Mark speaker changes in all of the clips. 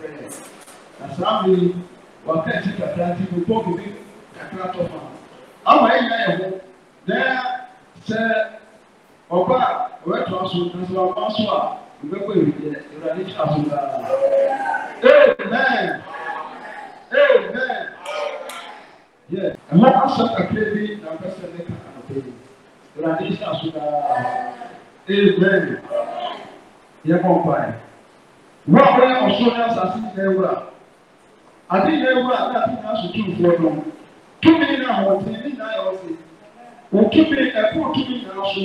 Speaker 1: brɛ na saa mi waka akyi kakra nti mo bɔ gobi kakra tɔ ma ama ɛnya yɛ ho na sɛ ɔba a ɔbɛtoa so na sɛ ɔba so a ɔbɛkɔ ewideɛ ewurade kyerɛ so daa amen amen yɛ ɛhɔ asɛ kakra bi na mpɛsɛ ne kaka na pɛyi ewurade kyerɛ so daa amen yɛ kɔn kwan wọ́n a bẹ́ẹ̀ ọ̀ṣọ́ ní asase ní ewura adi ní ewura ní ati ní asutu nfuo no tumi ní ahọ́ntì ní nyinaa yẹ ọ̀sẹ̀ òtumi ẹ̀kọ́ tumi nyinaa so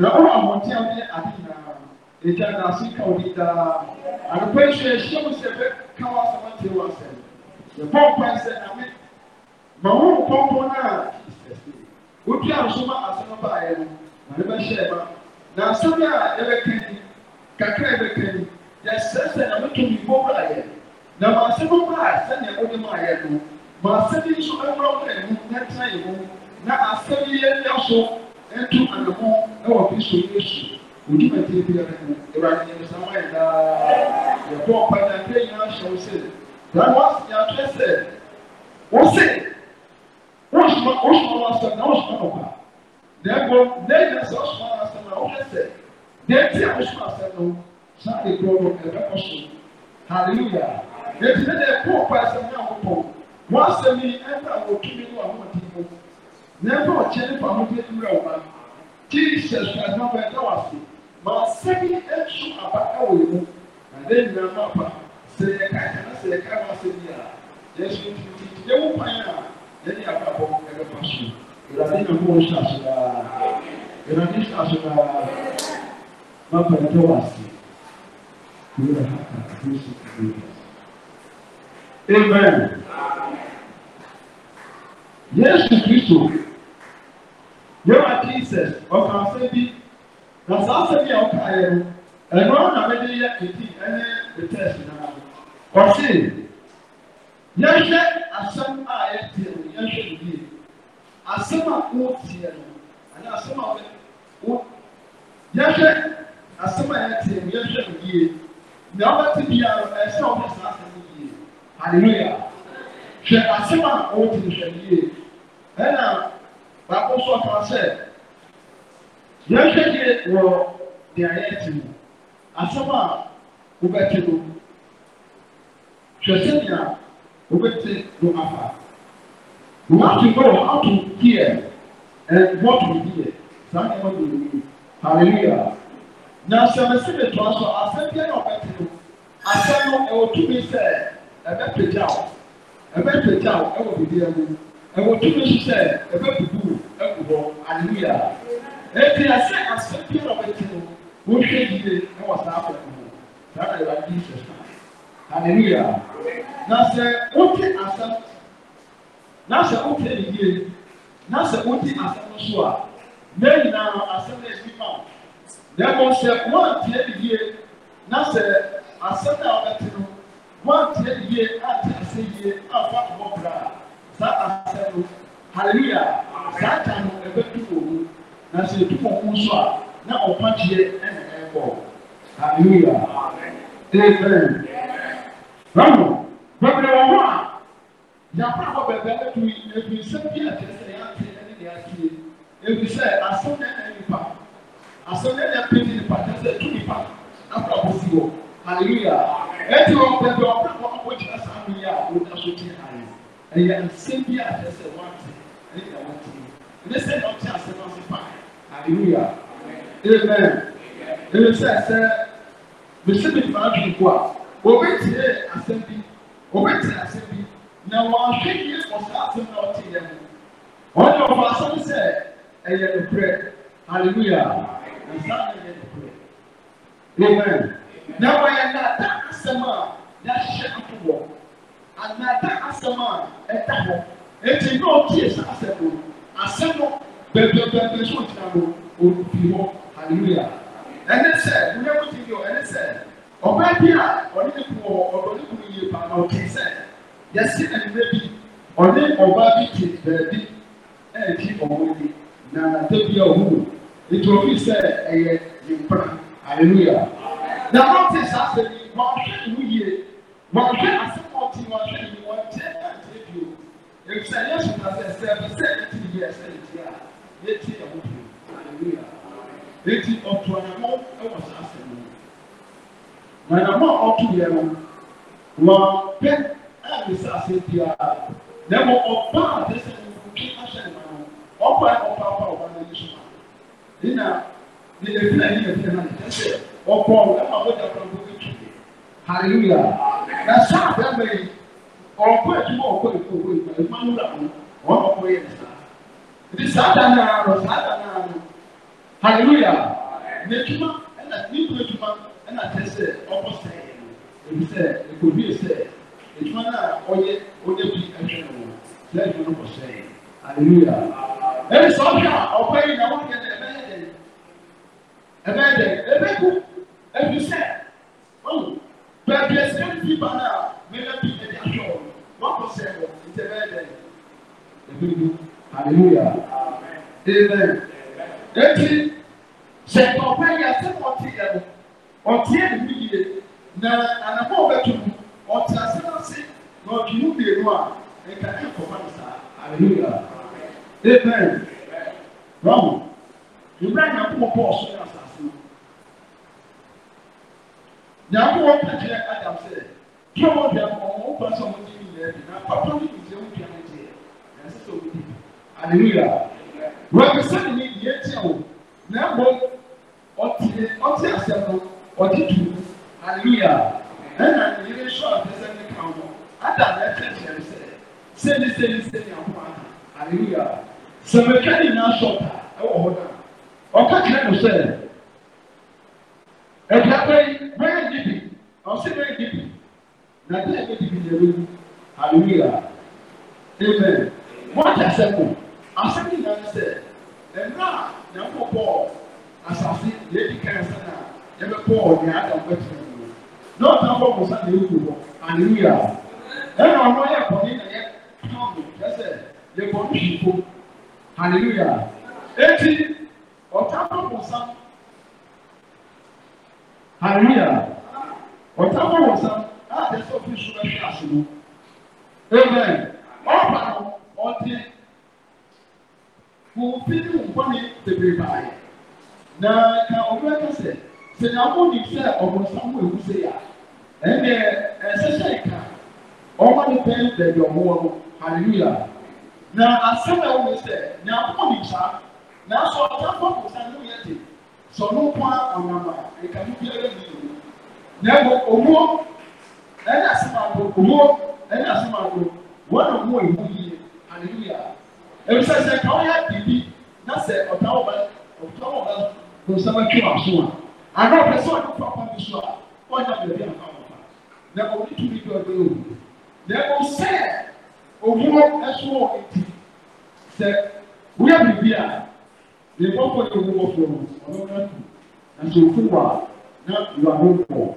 Speaker 1: na ọ̀rọ̀ ahọ́ntì ẹ̀dẹ́ adi nyinaa ẹ̀dá náà sí ká òdi daa àdìpọ̀ ẹ̀ṣọ́ ẹ̀ṣẹ́ mu sẹ̀ bẹ́ẹ̀ káwọ́ asẹ́mọ́ tẹ̀ wọ́ asẹ́ ẹ̀bọ́ mpa ẹsẹ̀ àmì mà wọ́n pọ́npọ́n náà ojú àṣọmọ asẹ́mọ́ báyẹn mà ní bẹ́ẹ̀ hyẹ́ ẹ̀ yɛsɛsɛ na mɛtɔ mi bɔ wura yɛ na maa se bɔ wura sɛnea wɔde maa yɛ no maa se bi nso ɛwura wura yɛ mu na tena yɛ mu na asɛ bi yɛ bi aso ɛtu ano mu ɛwɔ bi so yɛ su ojú mɛtiri bi yɛ mu ewurade yɛ nsa wɔn yɛ daa yɛ bɔ ɔkpa yɛ ɛdɛ nyinaa hyɛ wo se ran wa si atwɛ sɛ wo se wo suma wo suma wa sɛ na wo suma ɔkpa na ɛbɔ na ɛyɛ sɛ wo saa ekuro no ɛbɛkɔ so hallelujah eti ne na ɛkó ɔkpa ɛsɛm ní akokɔ wọn asɛm yi ɛnna ɔtumi no àwọn ɔtí mu na ɛnna ɔkyɛ nípa mo tẹ ewura wọn ano jesus christ náà bɛn náà wàsí ma asɛm yi ɛnso aba ɛwɔ yẹn mu na ne nyinaa ma ba sɛ yɛ ka yɛ na sɛ yɛ ka ma asɛm yi a yɛsɛ tuntun yɛ wɔ kwan a yɛne abrabɔ ɛbɛfa so ìrọ̀lẹ́ náà kó o ṣe àṣọ dáa ìrọ̀lẹ́ ṣe àṣọ dáa má pẹ̀lú tó wà sí هي حتى تخش Amen. Yesu Kristo, yɛ wa ti sɛ ɔka asɛ bi na saa asɛ bi a ɔka yɛ no, ɛno ara na mɛde yɛ eti ɛne etɛɛsi na ma. Ɔsi, yɛhwɛ asɛm a yɛte no, yɛhwɛ no yie. Asɛm a wɔteɛ no, ana asɛm a wɔyɛ, yɛhwɛ asɛm a yɛte no, yɛhwɛ no yie. na ɔbɛte biara ɛsɛ ɔbɛ saa asɛm no yie hallelujah hwɛ asɛm a ɔte no hwɛ yie ɛna baako nso ɔka sɛ yɛhwɛ deɛ wɔ deɛ yɛte no asɛm a wobɛte no hwɛ sɛnea wobɛte no afa you have to know how to hear and what to hear saa nneɛma bebree hallelujah na sɛ mɛsi mi to aso asɛm bi na ɔbɛti no asɛm no ɛwɔ tumi sɛ ɛbɛpagya o ɛbɛpagya o ɛwɔ bibi ɛmu ɛwɔ tumi nso sɛ ɛbɛbubu ɛgu hɔ aleluya ebi asɛ asɛm bi na ɔbɛti no wohwɛ yie ɛwɔ saa akɔkɔ mu saa na ɛwɔ adi sɛ saa aleluya na sɛ wote asɛm na sɛ wote yie na sɛ wote asɛm no so a na nyinaa asɛm na ɛbi ma o na mmom sɛ wɔntie ne yie na sɛ asɛm a wɔbɛte no wɔntie ne yie ate ase yie afa ɔbɔ bra a saa asɛm no hallelujah saa ta no ɛbɛtu wɔn mu na sɛ etu wɔn mu nso a na ɔpakyeɛ ɛna ɛbɔ hallelujah amen ramu bɛbɛrɛ wɔn ho a yàtọ̀ àbọ̀ bẹ̀bẹ̀ ẹ̀dùn ẹ̀dùn sẹ́bi ẹ̀kẹ́sẹ̀ yàtọ̀ ẹ̀ni ní ẹ̀kẹ́ ẹ̀dùn sẹ́ asọ́nà ẹ̀yìn pa asɛm yɛn yɛ pe ne nipa kyɛ sɛ tu nipa afra bɔ si wɔ hallelujah eti wɔ bɛbi ɔbɛ wɔ ɔbɔ gyina saa mi yɛ a wɔn aso ti ayɛ ɛyɛ nsɛm bi a kyɛ sɛ wɔate ɛne yɛ wɔte ne sɛ yɛ ɔte asɛm ase pa hallelujah amen ɛyɛ sɛ sɛ bisi bi fa adu ko a obi tie asɛm bi obi tie asɛm bi na wɔahwɛ yie wɔ saa asɛm na ɔte yɛ no wɔn yɛ ɔfɔ asɛm sɛ hallelujah amen na wɔyɛ nata asɛm a yɛahyɛ ato wɔ anata asɛm a ɛda hɔ eti na ɔkie sɛ asɛm no asɛm no bɛbɛbɛbɛ so gyina no ɔfi hɔ hallelujah ɛne sɛ wúnyɛ wúti bi ɛne sɛ ɔbaa bi a ɔne ne kun wɔ ɔdɔ ne kun yie paa na ɔte sɛ yɛsi na ne bi ɔne ɔbaa bi te baabi ɛɛti ɔmo ni na nata bi a ɔmo wɔ nti ofi sɛ ɛyɛ nimpra hallelujah na wɔte saa sɛ ni wɔahwɛ ne ho yie wɔahwɛ asɛm a ɔte wɔahwɛ ne ho wɔnkyɛ nante bio efisɛ yɛ so ta sɛ sɛ sɛ ɛti ne yɛ sɛ ɛti a yɛti ɛho bio hallelujah eti ɔto anamɔ ɛwɔ saa sɛ no na anamɔ a ɔto yɛ no wɔpɛ a ne saa sɛ biara na mmɔ ɔbaa a de sɛ ne ho twe ahyɛ ne ho ɔbaa ɔbaa ɔbaa ɔbaa na yɛ so ma na ne efi na ne efi na ne kyerɛ ɔkɔ ɛma ɔmo da ɔmo bi tu hallelujah na saa bɛrɛ yi ɔkɔ adwuma ɔkɔ efu ɔkɔ efu adwuma nwura ho wɔn ɔkɔ yɛ ne saa ebi saa da na ano saa da na ano hallelujah na adwuma ɛna ne nkuru adwuma ɛna kyɛ sɛ ɔkɔ sɛ ebi sɛ ekobi sɛ adwuma na ɔyɛ ɔyɛ bi ɛhwɛ no sɛ adwuma no kɔ sɛ hallelujah ebi sɛ ɔhwɛ a ɔkɔ yi na wɔn yɛ dɛ ɛbɛ ɛbɛyɛ dɛ ɛbɛku ɛbi sɛ ɔmu baabi ɛsɛ ɛbi ba na mɛlɛ bi ɛdi ahwɛ wɔ wakɔ sɛ wɔ nti ɛbɛyɛ dɛ ɛbi du hallelujah amen eti sɛ ɔbɛ yɛ sɛ ɔte yɛ no ɔte yɛ no bi yie na anamɔ ɔbɛto mu ɔte ase ase na ɔte mu mienu a nka ɛnkɔfa no saa hallelujah amen ɔmu ìwúrẹ́ yẹn kó wọ́n bọ̀ ọ̀ṣun yẹn sá nyaamu wɔn kakyɛ adam sɛ tó wɔn bia no wɔn kɔ sɛ wɔn ti yi nyinaa bi na papa mi ti sɛ wɔn bia no tiɛ na ɛsɛ sɛ wɔn ti bi aleluya
Speaker 2: wɔn sɛ ne yɛ tiɛ o
Speaker 1: na ɛbɔ ɔtiɛ ɔtiɛ asɛm no ɔti tu aleluya ɛna ne yɛ sɔ apɛsɛ ne kan no adam yɛ kɛkyɛ sɛ sɛni sɛni sɛni ako aka aleluya sɛmɛkɛ nyinaa sɔ ta ɛwɔ hɔ na ɔka kyerɛ no sɛ ɛdiaba yi bɛyɛ dibi ɔsi bɛyɛ dibi na bɛyɛ bɛ dibi na ewu hallelujah amen wɔn kyɛ sɛ ko asɛm yi na sɛ ɛnna na nkɔ bɔɔl asase na edi kan sɛ na yɛbɛ bɔɔl na ada ɔbɛ tena mu na ɔtena bɔɔl mo sa na ewu wɔ hallelujah ɛnna ɔno yɛ bɔnni na yɛ tɔn yɛ sɛ yɛ bɔnni hwifo hallelujah eti ɔtena bɔɔl mo sa hallelujah ọ̀tá bọ̀ wọ̀ sá a ẹsẹ̀ òfin sọ ẹ̀ṣẹ̀ àṣẹ mu amen ọ̀pá ọ̀tí òfin ní nkọ́ni bèbèrè báyìí na ka ọ̀rọ̀ ẹ̀ka sẹ̀ sẹ̀dá ọ̀nì sẹ̀ ọ̀bọ̀nsán wọ̀ ewu sẹ̀ yá ẹ̀ndẹ̀ ẹ̀sẹ̀sẹ̀ ẹ̀ka ọ̀ma ní bẹ́ẹ̀ bẹ̀rẹ̀ ọ̀mọ̀ wọn hallelujah na asẹ́nà ọ̀nì sẹ̀ ní akọ́ni sá na asọ̀ ọ̀tá bọ̀ wọ̀ sá ní sɛ ɔno nko a ɔnam a nka ne biara bi wɔ na mmom ɔmo ɛne asomabo ɔmo ɛne asomabo wɔn na ɔmo ɛmu yie hallelujah ebisa sɛ ka ɔyɛ bibi na sɛ ɔta ɔba ɔta ɔba nsɛm atwi aso a ana ɔpɛ sɛ ɔde papa bi so a ɔnya baabi afa ɔfa na ɔmo tumi bi ɔde ɔmo na mmom sɛ ɔmo ɛso wɔ eti sɛ wɔyɛ bibi a nnipakuo yɛ wɔn wɔfrɛ no ɔno na tu na sɛ oku wɔ a na wɔ aho pɔ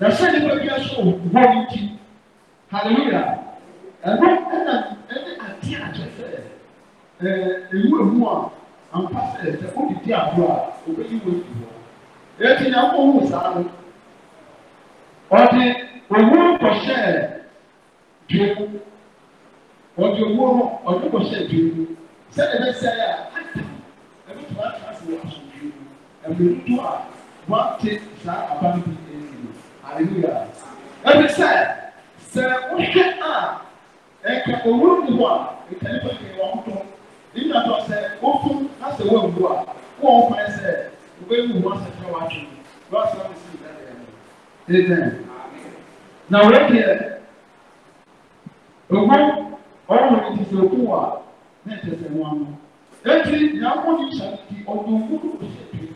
Speaker 1: na sɛ nipa bi aso wɔ ne ti hallelujah ɛno ɛna ɛne ate akyɛ sɛ ɛɛ ewu ewu a ampa sɛ sɛ ɔde di abo a ɔbɛyi wɔ ewu hɔ eti na ɔkɔ hu saa no ɔde owu kɔhyɛ dua mu ɔde owu no ɔde kɔhyɛ dua mu sɛ ɛbɛsɛ yɛ a ata ɛmu tó bá ká sí asomdwe no ɛmu tó a wá ké saa aban bi ɛyìn no hallelujah ɛbi sɛ sɛ wohwɛ a ɛka owurɔ mu hɔ a ɛka nipa kiri wɔn to nina tɔ sɛ wofun na sɛ wɔn wu a wɔn kwan sɛ wɔbɛyi wɔn asɛ fɛ wɔn atwi wɔn asɛ wɔn si ɛdɛ yɛn amen na wɔn deɛ ogun ɔwɔ wɔn ti sɛ ogun wa ne ti sɛ wɔn eti nyako ni nsa nti ɔdo nkodo ɔyɛ dwe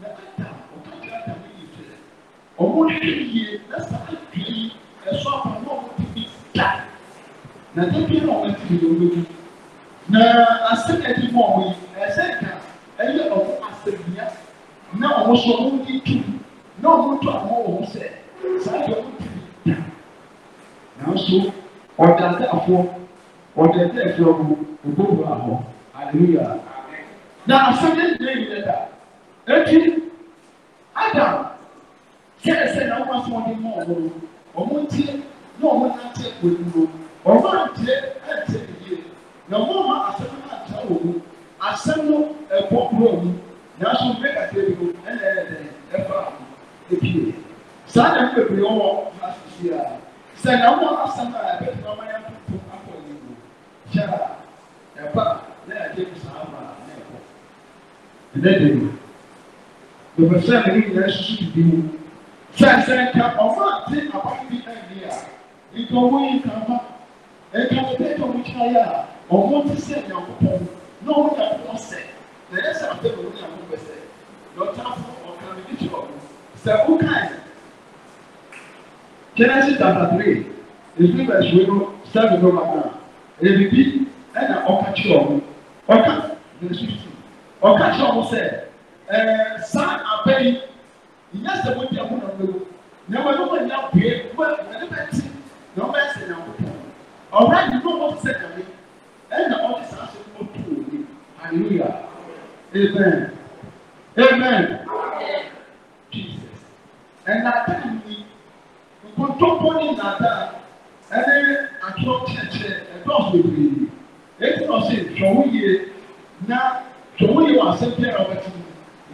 Speaker 1: na ata ɔka kyerɛ ata mi yɛ dwe ɔmo de yie na saa dwe yi ɛso apa na ɔmo ti bi da na dɛbi na ɔmo ti yɛ ɔmo yi na asɛm yɛ di mu ɔmo yi ɛsɛ nka ɛyɛ ɔmo asɛmia na ɔmo so ɔmo yi tu na ɔmo to ɔmo wɔn sɛ saa deɛ ɔmo ti bi da nanso ɔdaadafoɔ ɔdaadafoɔ ɔmo ɔbɔ wura hɔ. Hallelujah. Na asọmpi ndé yi lẹ́dà. Eti Adam kẹ́lẹ́ sẹ́ni àwọn afọ ọdún mọ́ ọ̀hún ọmọ ntí ní ọmọ nàntí ẹ̀kọ́ ọmọ ntí ẹ̀ntí ẹ̀yẹ na ọmọ ọmọ asọmpi náà tẹ̀ wọ̀ mu asọmpi ẹ̀kọ́ kúrò mu na asọ mbẹ kàtẹ́ bi mu ẹ̀nà ẹ̀yẹ dẹ̀ ẹ̀fà mu epi yẹ. Saa na mbẹ bi ọwọ́ asisi a sẹ́ni àwọn asọmpi a ẹ̀bẹ̀ tí wọ́n máa yẹ kó akọ ẹ̀yẹ mu kyẹ́ a ẹ̀bá ɛnɛ dɛ mi dɔbɔ sɛ ɛni nyinaa susu didi mu sɛ sɛ nka ɔmo ate aban bi na a nka ɔmo yi nka ama nka ɔmo tɛ ɔmo kyerɛ ayɛ a ti sɛ nyako pɔn na ɔmo nyako pɔn sɛ na yɛ sɛ afɛ na ɔmo nyako pɛ sɛ na ɔta fo ɔka mi bi kyerɛ ɔmo sɛ ɔka yi genesis chapter three ebi verse wey no seven no ma na ebibi ɛna ɔka kyerɛ ɔmo ɔka verse fifteen ɔka kyerɛ ɔmo sɛ ɛɛ saa abɛ yi nyɛ sɛ mo di ɛmo na mo ewu na mo ɛmo nyɛ abue mo ɛmo ɛde bɛ ti na ɔmo ɛsɛ na ɔmo tɔn ɔwura yi no mo sɛ na mi ɛna ɔmo saa so mo tu o hallelujah amen amen jesus ɛnata yi nkontompo ne nnata ɛne atwerɛ kyerɛkyerɛ ɛdɔɔso bebree eti na ɔsi nhwɛwo yie na to wo yi wɔ asɛm biara wɔbɛto mu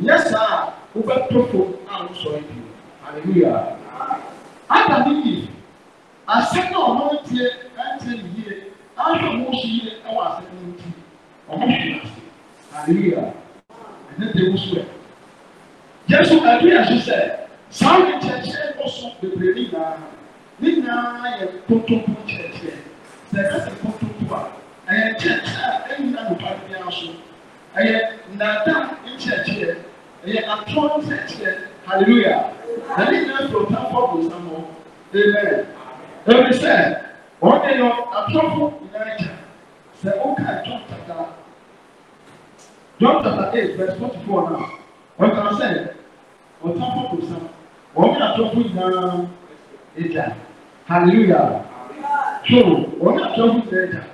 Speaker 1: nyɛ saa a wobɛto fo a wosɔre bio hallelujah ada ne yie asɛm na ɔno tie ɛntie ne yie ahwɛ ɔmo nso yie ɛwɔ asɛm no nti ɔmo hwɛ ase hallelujah ɛne de wo so ɛ yesu ɛdu yɛ so sɛ saa ne kyerɛkyerɛ bɔ so bebree ne nyinaa ne nyinaa yɛ ntontompo kyerɛkyerɛ sɛ ɛka sɛ ntontompo a ɛyɛ kyerɛkyerɛ a ɛnyina ɛyɛ nnada nkyerɛkyerɛ ɛyɛ atɔ nkyerɛkyerɛ hallelujah na ne nyinaa fi ɔtan fɔ bonsam hɔ amen ebi sɛ wɔn de no atɔfo nyinaa kya sɛ ɔka ɛtɔ tata john tata eight verse forty four na ɔka sɛ ɔtan fɔ bonsam wɔn de atɔfo nyinaa ɛkya hallelujah so wɔn de atɔfo nyinaa kya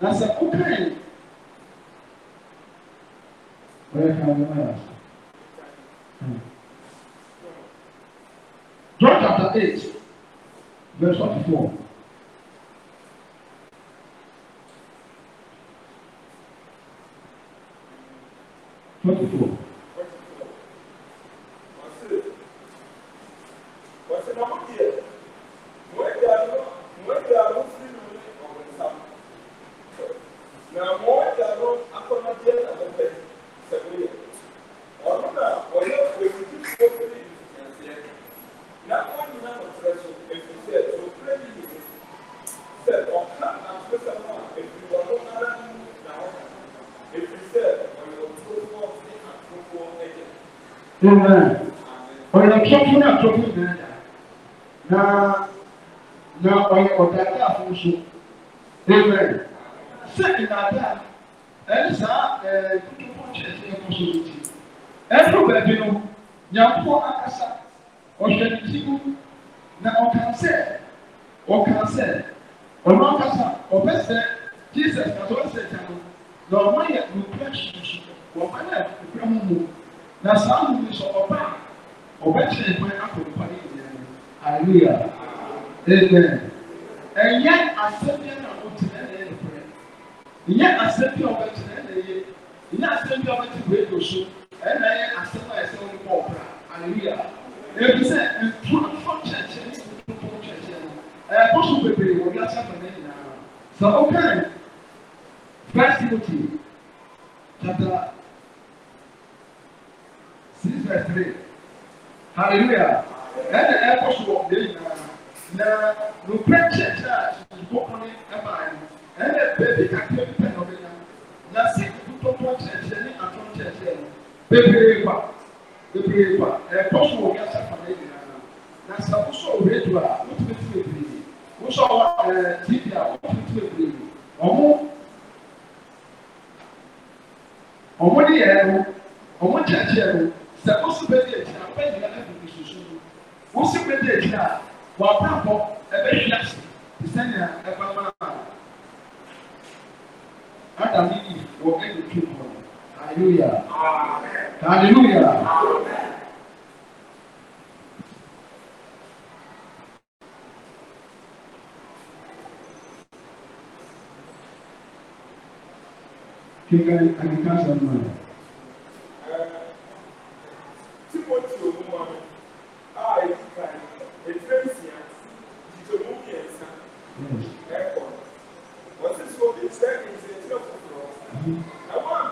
Speaker 1: na sɛ ɔka yi. Hmm. John chapter 8, verse 44. Twenty-four. করবেন hallelujah ebi sɛ ntuafo kyɛnkyɛn ne ntuafo kyɛnkyɛn ɛkɔ so bebree wɔ wiase afɛnɛ nyinaa sɛ ɔkɛn first timothy chapter six verse three hallelujah ɛna ɛkɔ so wɔ ɔbɛ nyinaa na nukura kyɛnkyɛn a ntuafo ne ɛmaa yi ɛna beebi kakra bi pɛ na ɔbɛnya na sɛ ntuafo kyɛnkyɛn ne atɔn kyɛnkyɛn bebree kwa bebree ba ɛkɔ so wɔ kasa fa ne nyinaa na sɛ wosɔ radio a wotumi tu bebree wosɔ ɛɛ eh, tv a wotumi tu bebree ɔmo ɔmo ne yɛ no ɔmo kyerɛkyerɛ no sɛ wosi bɛ di akyina bɛ nyina na bibi soso no wosi bɛ di akyina a wɔabrabɔ ɛbɛhwi ase te sɛ nea ɛbɛma a adam ne yi wɔ ɛyɛ twem hɔ no. Hallelujah. Hallelujah. King Agriculture Man. Yes. What
Speaker 2: is so is that is a trouble for us. Mm-hmm. I want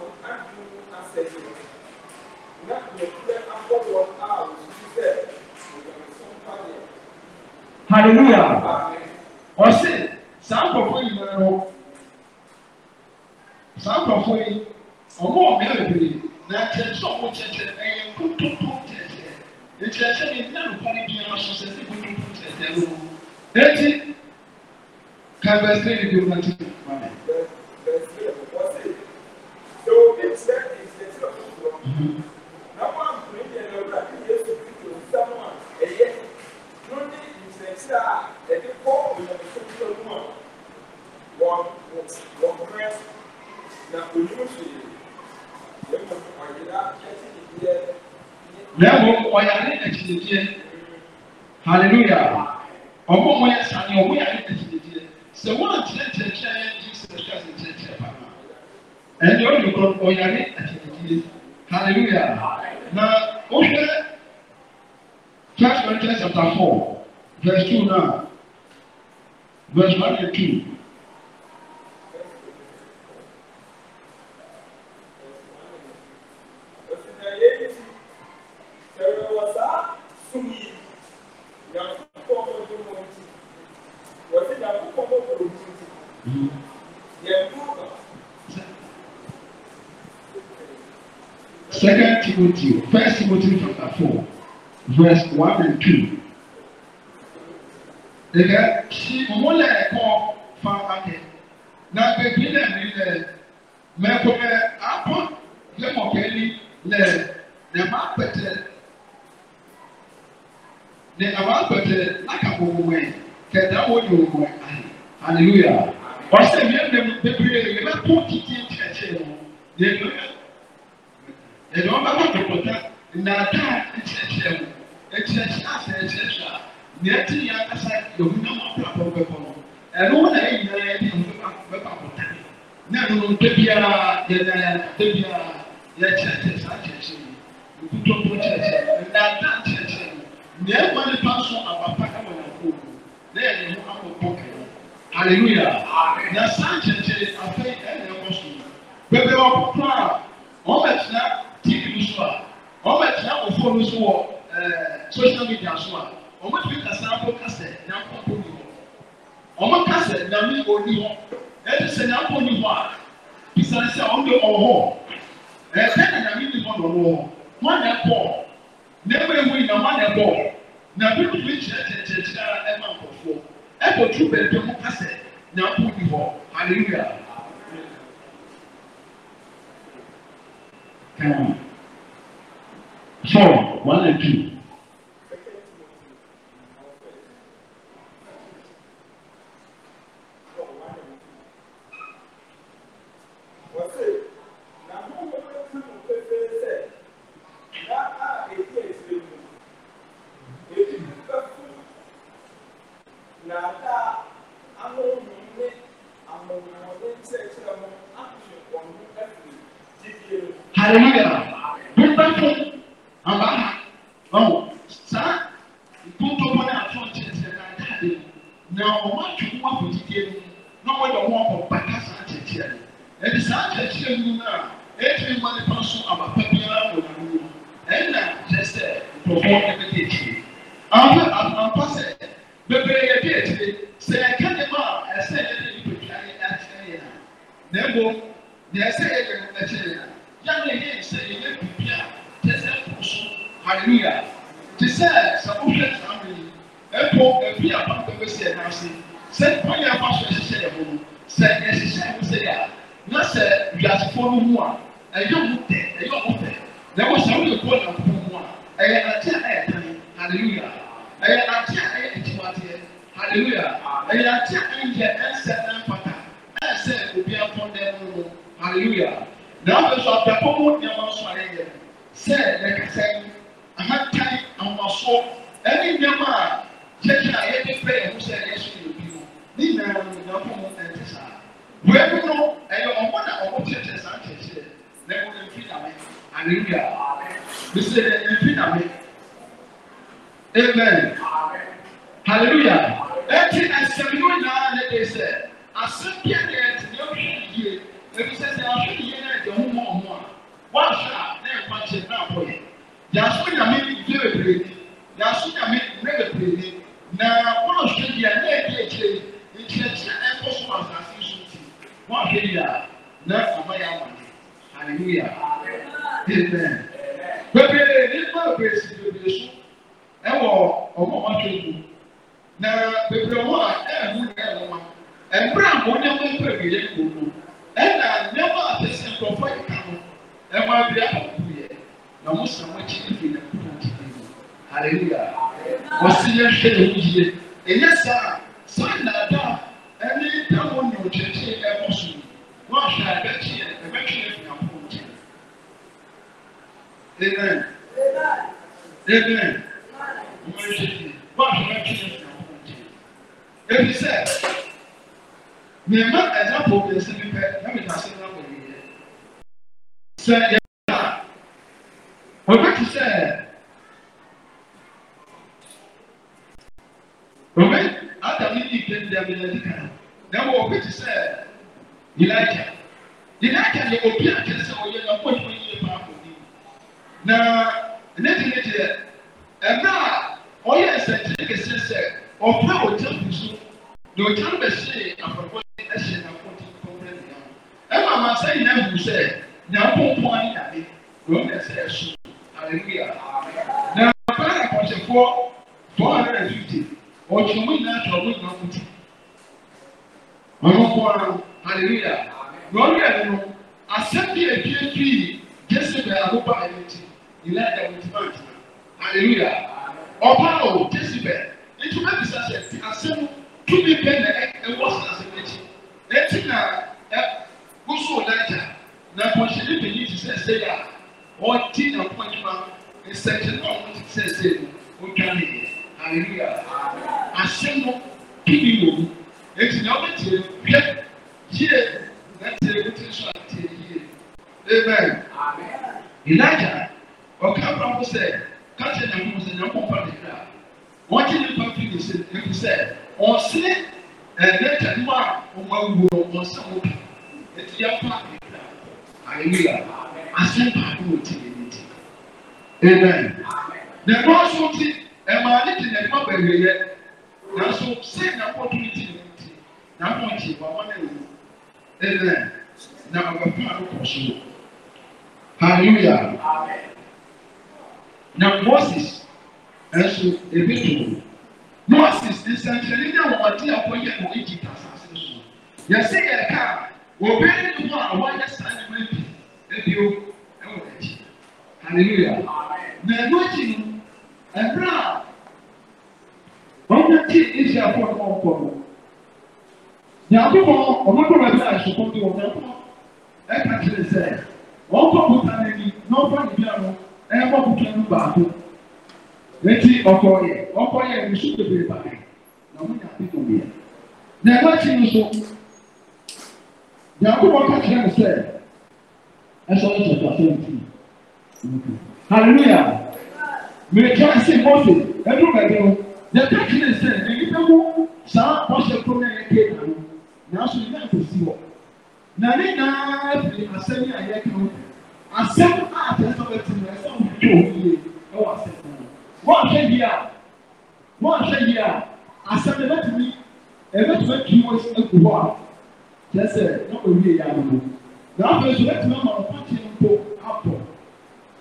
Speaker 1: hallelujah ɔsi saa nkɔfo yi nyinaa no saa nkɔfo yi ɔmo ɔbea bebree na kyerɛkyerɛ ɔmo kyerɛkyerɛ ɛyɛ nkotopo kyerɛkyerɛ nkyerɛkyerɛ yi nna nkwari bi aso sɛ ɛyɛ nkotopo kyerɛkyerɛ no eti kabɛsɛ yi bi mu na ti. Timothy, First Timothy chapter four, verse one and two. Ẹ̀ka si òun lẹ̀ ẹ̀kọ́ fa akẹ́. Na bèbí lẹ̀ ní lẹ̀ mẹ́kọ̀ọ́ apọ̀ lẹ́mọ̀kẹ́ ní lẹ̀ nẹ̀ má pẹ̀tẹ̀ nẹ̀ àmà pẹ̀tẹ̀ lákàbọ̀ wọ̀ ẹ̀ kẹ̀dá wọ̀ yọ̀ wọ̀ ẹ̀ hallelujah. Ọ̀sẹ̀ mi ẹ̀ nẹ̀ bebree yẹ̀ mẹ́kọ̀ọ́ títí ẹ̀ kyerẹ́kyerẹ́ wọn yẹ̀ mẹ́kọ̀ọ́ yɛde wɔn bɛbɔ dɔkɔta nnada a ɛkyerɛkyerɛ mu ɛkyerɛkyerɛ asɛ ɛkyerɛkyerɛ a nea ɛte yɛ akasa yɛhu na mo abrabɔ bɛbɔ no ɛno na yɛ nyinaa yɛde yɛn bɛbɔ bɛbɔ abɔta na ɛno no mpɛ biara yɛda yɛda biara yɛkyerɛkyerɛ saa kyerɛkyerɛ mu nkutɔpɔ kyerɛkyerɛ nnada kyerɛkyerɛ mu nea ɛma nipa so abapa ama na kɔn mu na yɛde ho akɔpɔ kɛyɛ hallelujah na saa kyerɛkyerɛ afɛ ɛna ɛkɔ so bɛbɛ wɔ a wɔn bɛtena tv no so a wɔn bɛ tena wɔn fone no so wɔ social media so a wɔn tumi kasa akɔ kasa nyanko akɔ ni hɔ wɔn kasa nyame oni hɔ ɛdi sɛ nyanko ni hɔ a bisan sɛ wɔn de ɔwɔ hɔ ɛɛ sɛ na nyame ni hɔ na ɔwɔ hɔ wɔn na ɛbɔ na ɛbɔ ewu yi na wɔn na ɛbɔ na bi tumi kyerɛkyerɛkyerɛ ɛma um, Psalm one and two. Now, hallelujah nípa tó àbá ọ̀hún sáà ntontobɔ ne ato nkyerɛkyerɛ na adaade na wɔn atwe mu akɔ didie mu na wɔde wɔn akɔ bata saa kyerɛkyerɛ no ɛdi saa kyerɛkyerɛ no na ɛtumi ma nipa so abapa biara wɔ n'anim ɛnna kyerɛ sɛ nkurɔfoɔ ɛbɛka akyire ampa ampa sɛ Amen. Amen. Ebi sɛ, mìíràn ɛdá pò bẹ̀sẹ̀ mi pẹ̀, ẹ̀ mi ta sẹ́ ɛdá pò yìí yẹ. Sɛ yẹ ká, òbí ti sɛ, òbí adamu yìí kẹ́ ndé ɛmi yẹn ká, na wọ òbí ti sɛ, yìí láyé kẹ́, yìí láyé kẹ́ ni òbí àti sɛ na ne ti ne ti yɛ ɛna ɔyɛ nsɛnkyerɛ kɛseɛ sɛ ɔpɛ ɔtam bi so na ɔtam bɛhyɛ afɔkɔ ɛhyɛ n'akɔnti kɔnkɔn nyinaa ɛma ma sɛ nyinaa bu sɛ nyampɔnpɔn ne nyade wɔn na ɛsɛ ɛso hallelujah na ɔbaa na kɔnhyɛfoɔ four hundred and fifty ɔtwe ɔmo nyinaa tɔ ɔmo nyinaa ko ti ɔmo kɔ ano hallelujah na ɔyɛ no asɛm bi a ebie fii gyesibɛ agoba ayɛ ti eleven ntoma ntoma hallelujah ọba na o jezebel ntoma bisa sẹ ti asẹmu tumi bẹ na ẹwọ sẹ asẹmu ekyi na eti na ẹ gusu ọdanta na pọnhyẹni panyin ti sẹ ẹsẹ yá ọtí na ọkọ ẹnyima nsẹkyẹn náà ọmọ ti sẹ ẹsẹ mu ọdwa ne yẹ hallelujah asẹmu tumi wọ mu eti na ọmọ ti yẹ yie na ti yẹ kutu nso a ti yẹ amen. Elijah ɔka abrabɔ sɛ kakyɛ na ɛho sɛ nyɛnko pa ne kra wɔgye nipa fi ne se efi sɛ ɔse ɛnɛkyɛ mu a ɔmo awuo no ɔnsa mo bi eti yɛmpa ne kra ayɛwia asɛm baako wɔ ti ne ne ti amen na ɛno nso ti ɛmaa ne ti na ɛma bɛyɛ yɛ nanso se na ɔdo ne ti ne ti na ɔmo nkye ba ɔmo na amen na ɔbɛfa a ɔkɔ so hallelujah na moses ɛnso eh, ebi to moses nsɛnkyerɛnni na wɔn adi akɔyɛ wɔ egypt asase so yɛsi yɛ ka obi ne ho a wɔayɛ saa ne ho ebi ebi o ɛwɔ n'akyi hallelujah na ɛno akyi no ɛbrɛ a wɔn mo ti israel fo no wɔn kɔ no yàtúmọ̀ ọmọ tó bàbá àṣùkò tó wọn yàtúmọ̀ ẹ̀ka kyerè sẹ wọn kọ bùtà n'ani n'ọfọ nìbíà no ɛbɔ kutu ɛnu baako eti ɔkɔɔyɛ ɔkɔɔyɛ nusu bebree baayɛ na wɔn nyɛ adi wɔn yɛ na ɛbɔ akyi nso yakubu ɔka kyerɛ no sɛ ɛsɔre kyerɛ kasa nti hallelujah mmirika ɛsɛ mɔso ɛdu bɛbi no yɛka kyerɛ sɛ ɛnipa mu saa bɔhyɛ kuro na yɛ kee na no nanso yɛn akɔsi hɔ na ne nyinaa firi asɛm a yɛka ho asɛm a akyerɛsɛ bɛti no ɛsɛ wotwa yie ɛwɔ asɛm no wɔahwɛ yie a wɔahwɛ yie a asɛm no ɛbɛtumi ɛbɛtumi atwi wɔ agu hɔ a kyerɛ sɛ na ɔwie yɛ ano na afei nso ɛbɛtumi ama wɔn pɔnkye mpo abɔ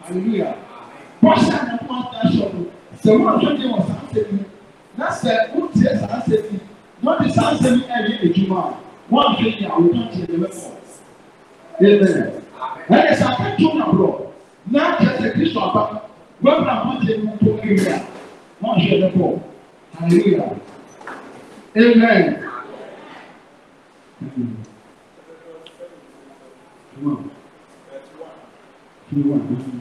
Speaker 1: hallelujah bɔhyɛ a nyɛnko ata ahyɛ no sɛ wɔahwɛ yie wɔ saa asɛm yi na sɛ wotie saa asɛm yi na ɔde saa asɛm yi ɛyɛ adwuma a wɔahwɛ yie a wɔn pɔnkye no ɛbɛkɔ amen ɛna sɛ abɛnto na borɔ na kyerɛ sɛ kristo aba wɔbra ahoɔden mu to ewia wɔn ahyɛ ne bɔ hallelujah amen. Twenty-one.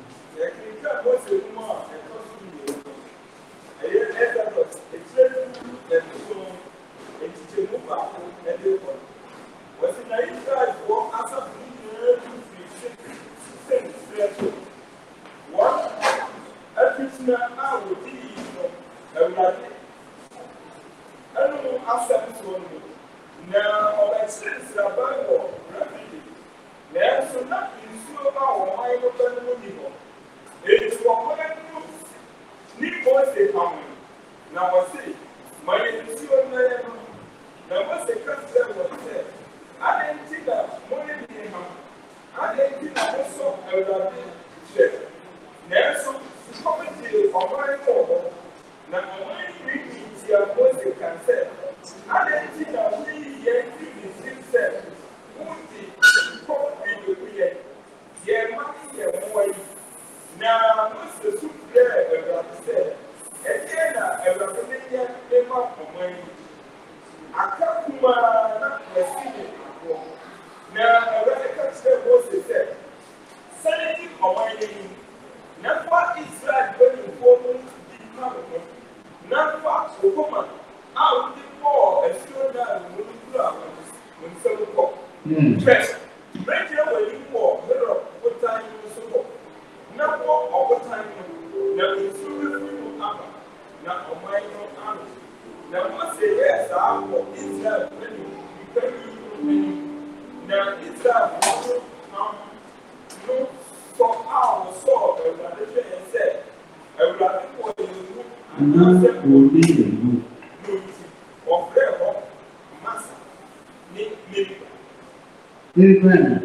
Speaker 1: Amen.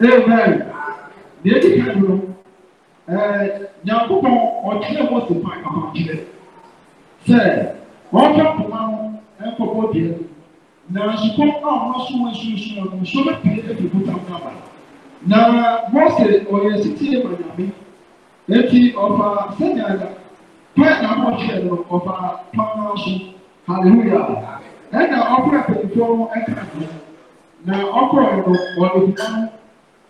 Speaker 1: Amen. Deɛ ɛdi kan no, ɛɛ nyankopɔn ɔkyerɛ wɔ si pa kama kyerɛ sɛ ɔtɔ poma no ɛkɔbɔ deɛ na nsukɔ a wɔso wɔn sunsun no nsuo bɛ pie ɛfi kuta mu aba na mɔse ɔyɛ sitie ma nyame eti ɔfa sɛdeɛ ada pɛɛ na ɔkyerɛ no ɔfa paa so hallelujah ɛna ɔfrɛ pɛnpɔn ɛka no na ọkọrọ no ọdụdụ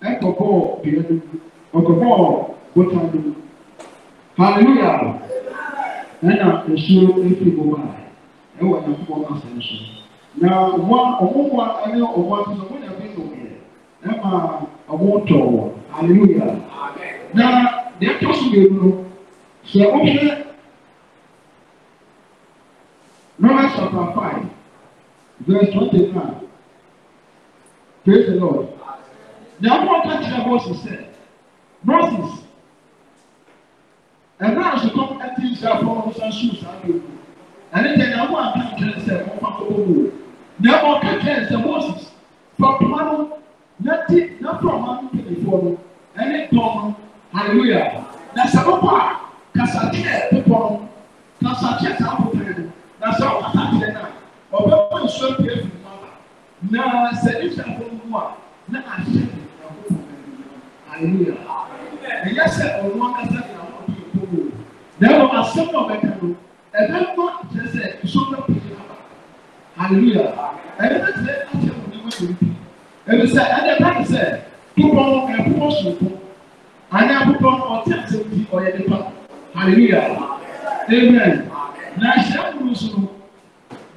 Speaker 1: ẹkọ bọọlụ bịa no ọkọ bọọlụ bọta no hallelujah ɛna nsuo efi wɔn a ɛwɔ nyakubɔ asa nso na wɔn wɔn wa ɛne wɔn ato so wɔn nyɛ no yɛ ɛma wɔn tɔ wɔn hallelujah na deɛ ɛtɔ so mmienu no sɛ wɔhwɛ Romans chapter five verse twenty nine praise the lord na ọmọ ọka kyerɛ moses sɛ moses ɛnna asokɔ ɛte nsirafo ɔsan suru saa bɛ wu ɛne deɛ na ɔmɔ aka kyerɛ sɛ ɔmɔ akɔkɔ wu na ɔmɔ ɔka kyerɛ sɛ moses pɔpɔma no na ti na pɔpɔma no mpanyinfoɔ no ɛne tɔn no hallelujah na sɛ ɔkɔ a kasa kyerɛ pepɔ no kasa kyerɛ saa pepɔ no na sɛ ɔkasa kyerɛ na ɔbɛkɔ nsuo pie fi mu na sɛ nisafo no a na ahyɛ ɛho ayɛ ha ɛyɛ sɛ ɔno ankasa yɛ aho ɔyɛ kowo na ɛwɔ asɛm a ɔbɛka no ɛbɛma kyerɛ sɛ nso pii aba hallelujah ɛyɛ sɛ kyerɛ akyɛ wɔn nneɛma wɔn bi
Speaker 2: ebi sɛ ɛdɛ ba te sɛ
Speaker 1: pupɔ ɛpupɔ soronko anaa pupɔ ɔte asɛm bi ɔyɛ nipa hallelujah amen.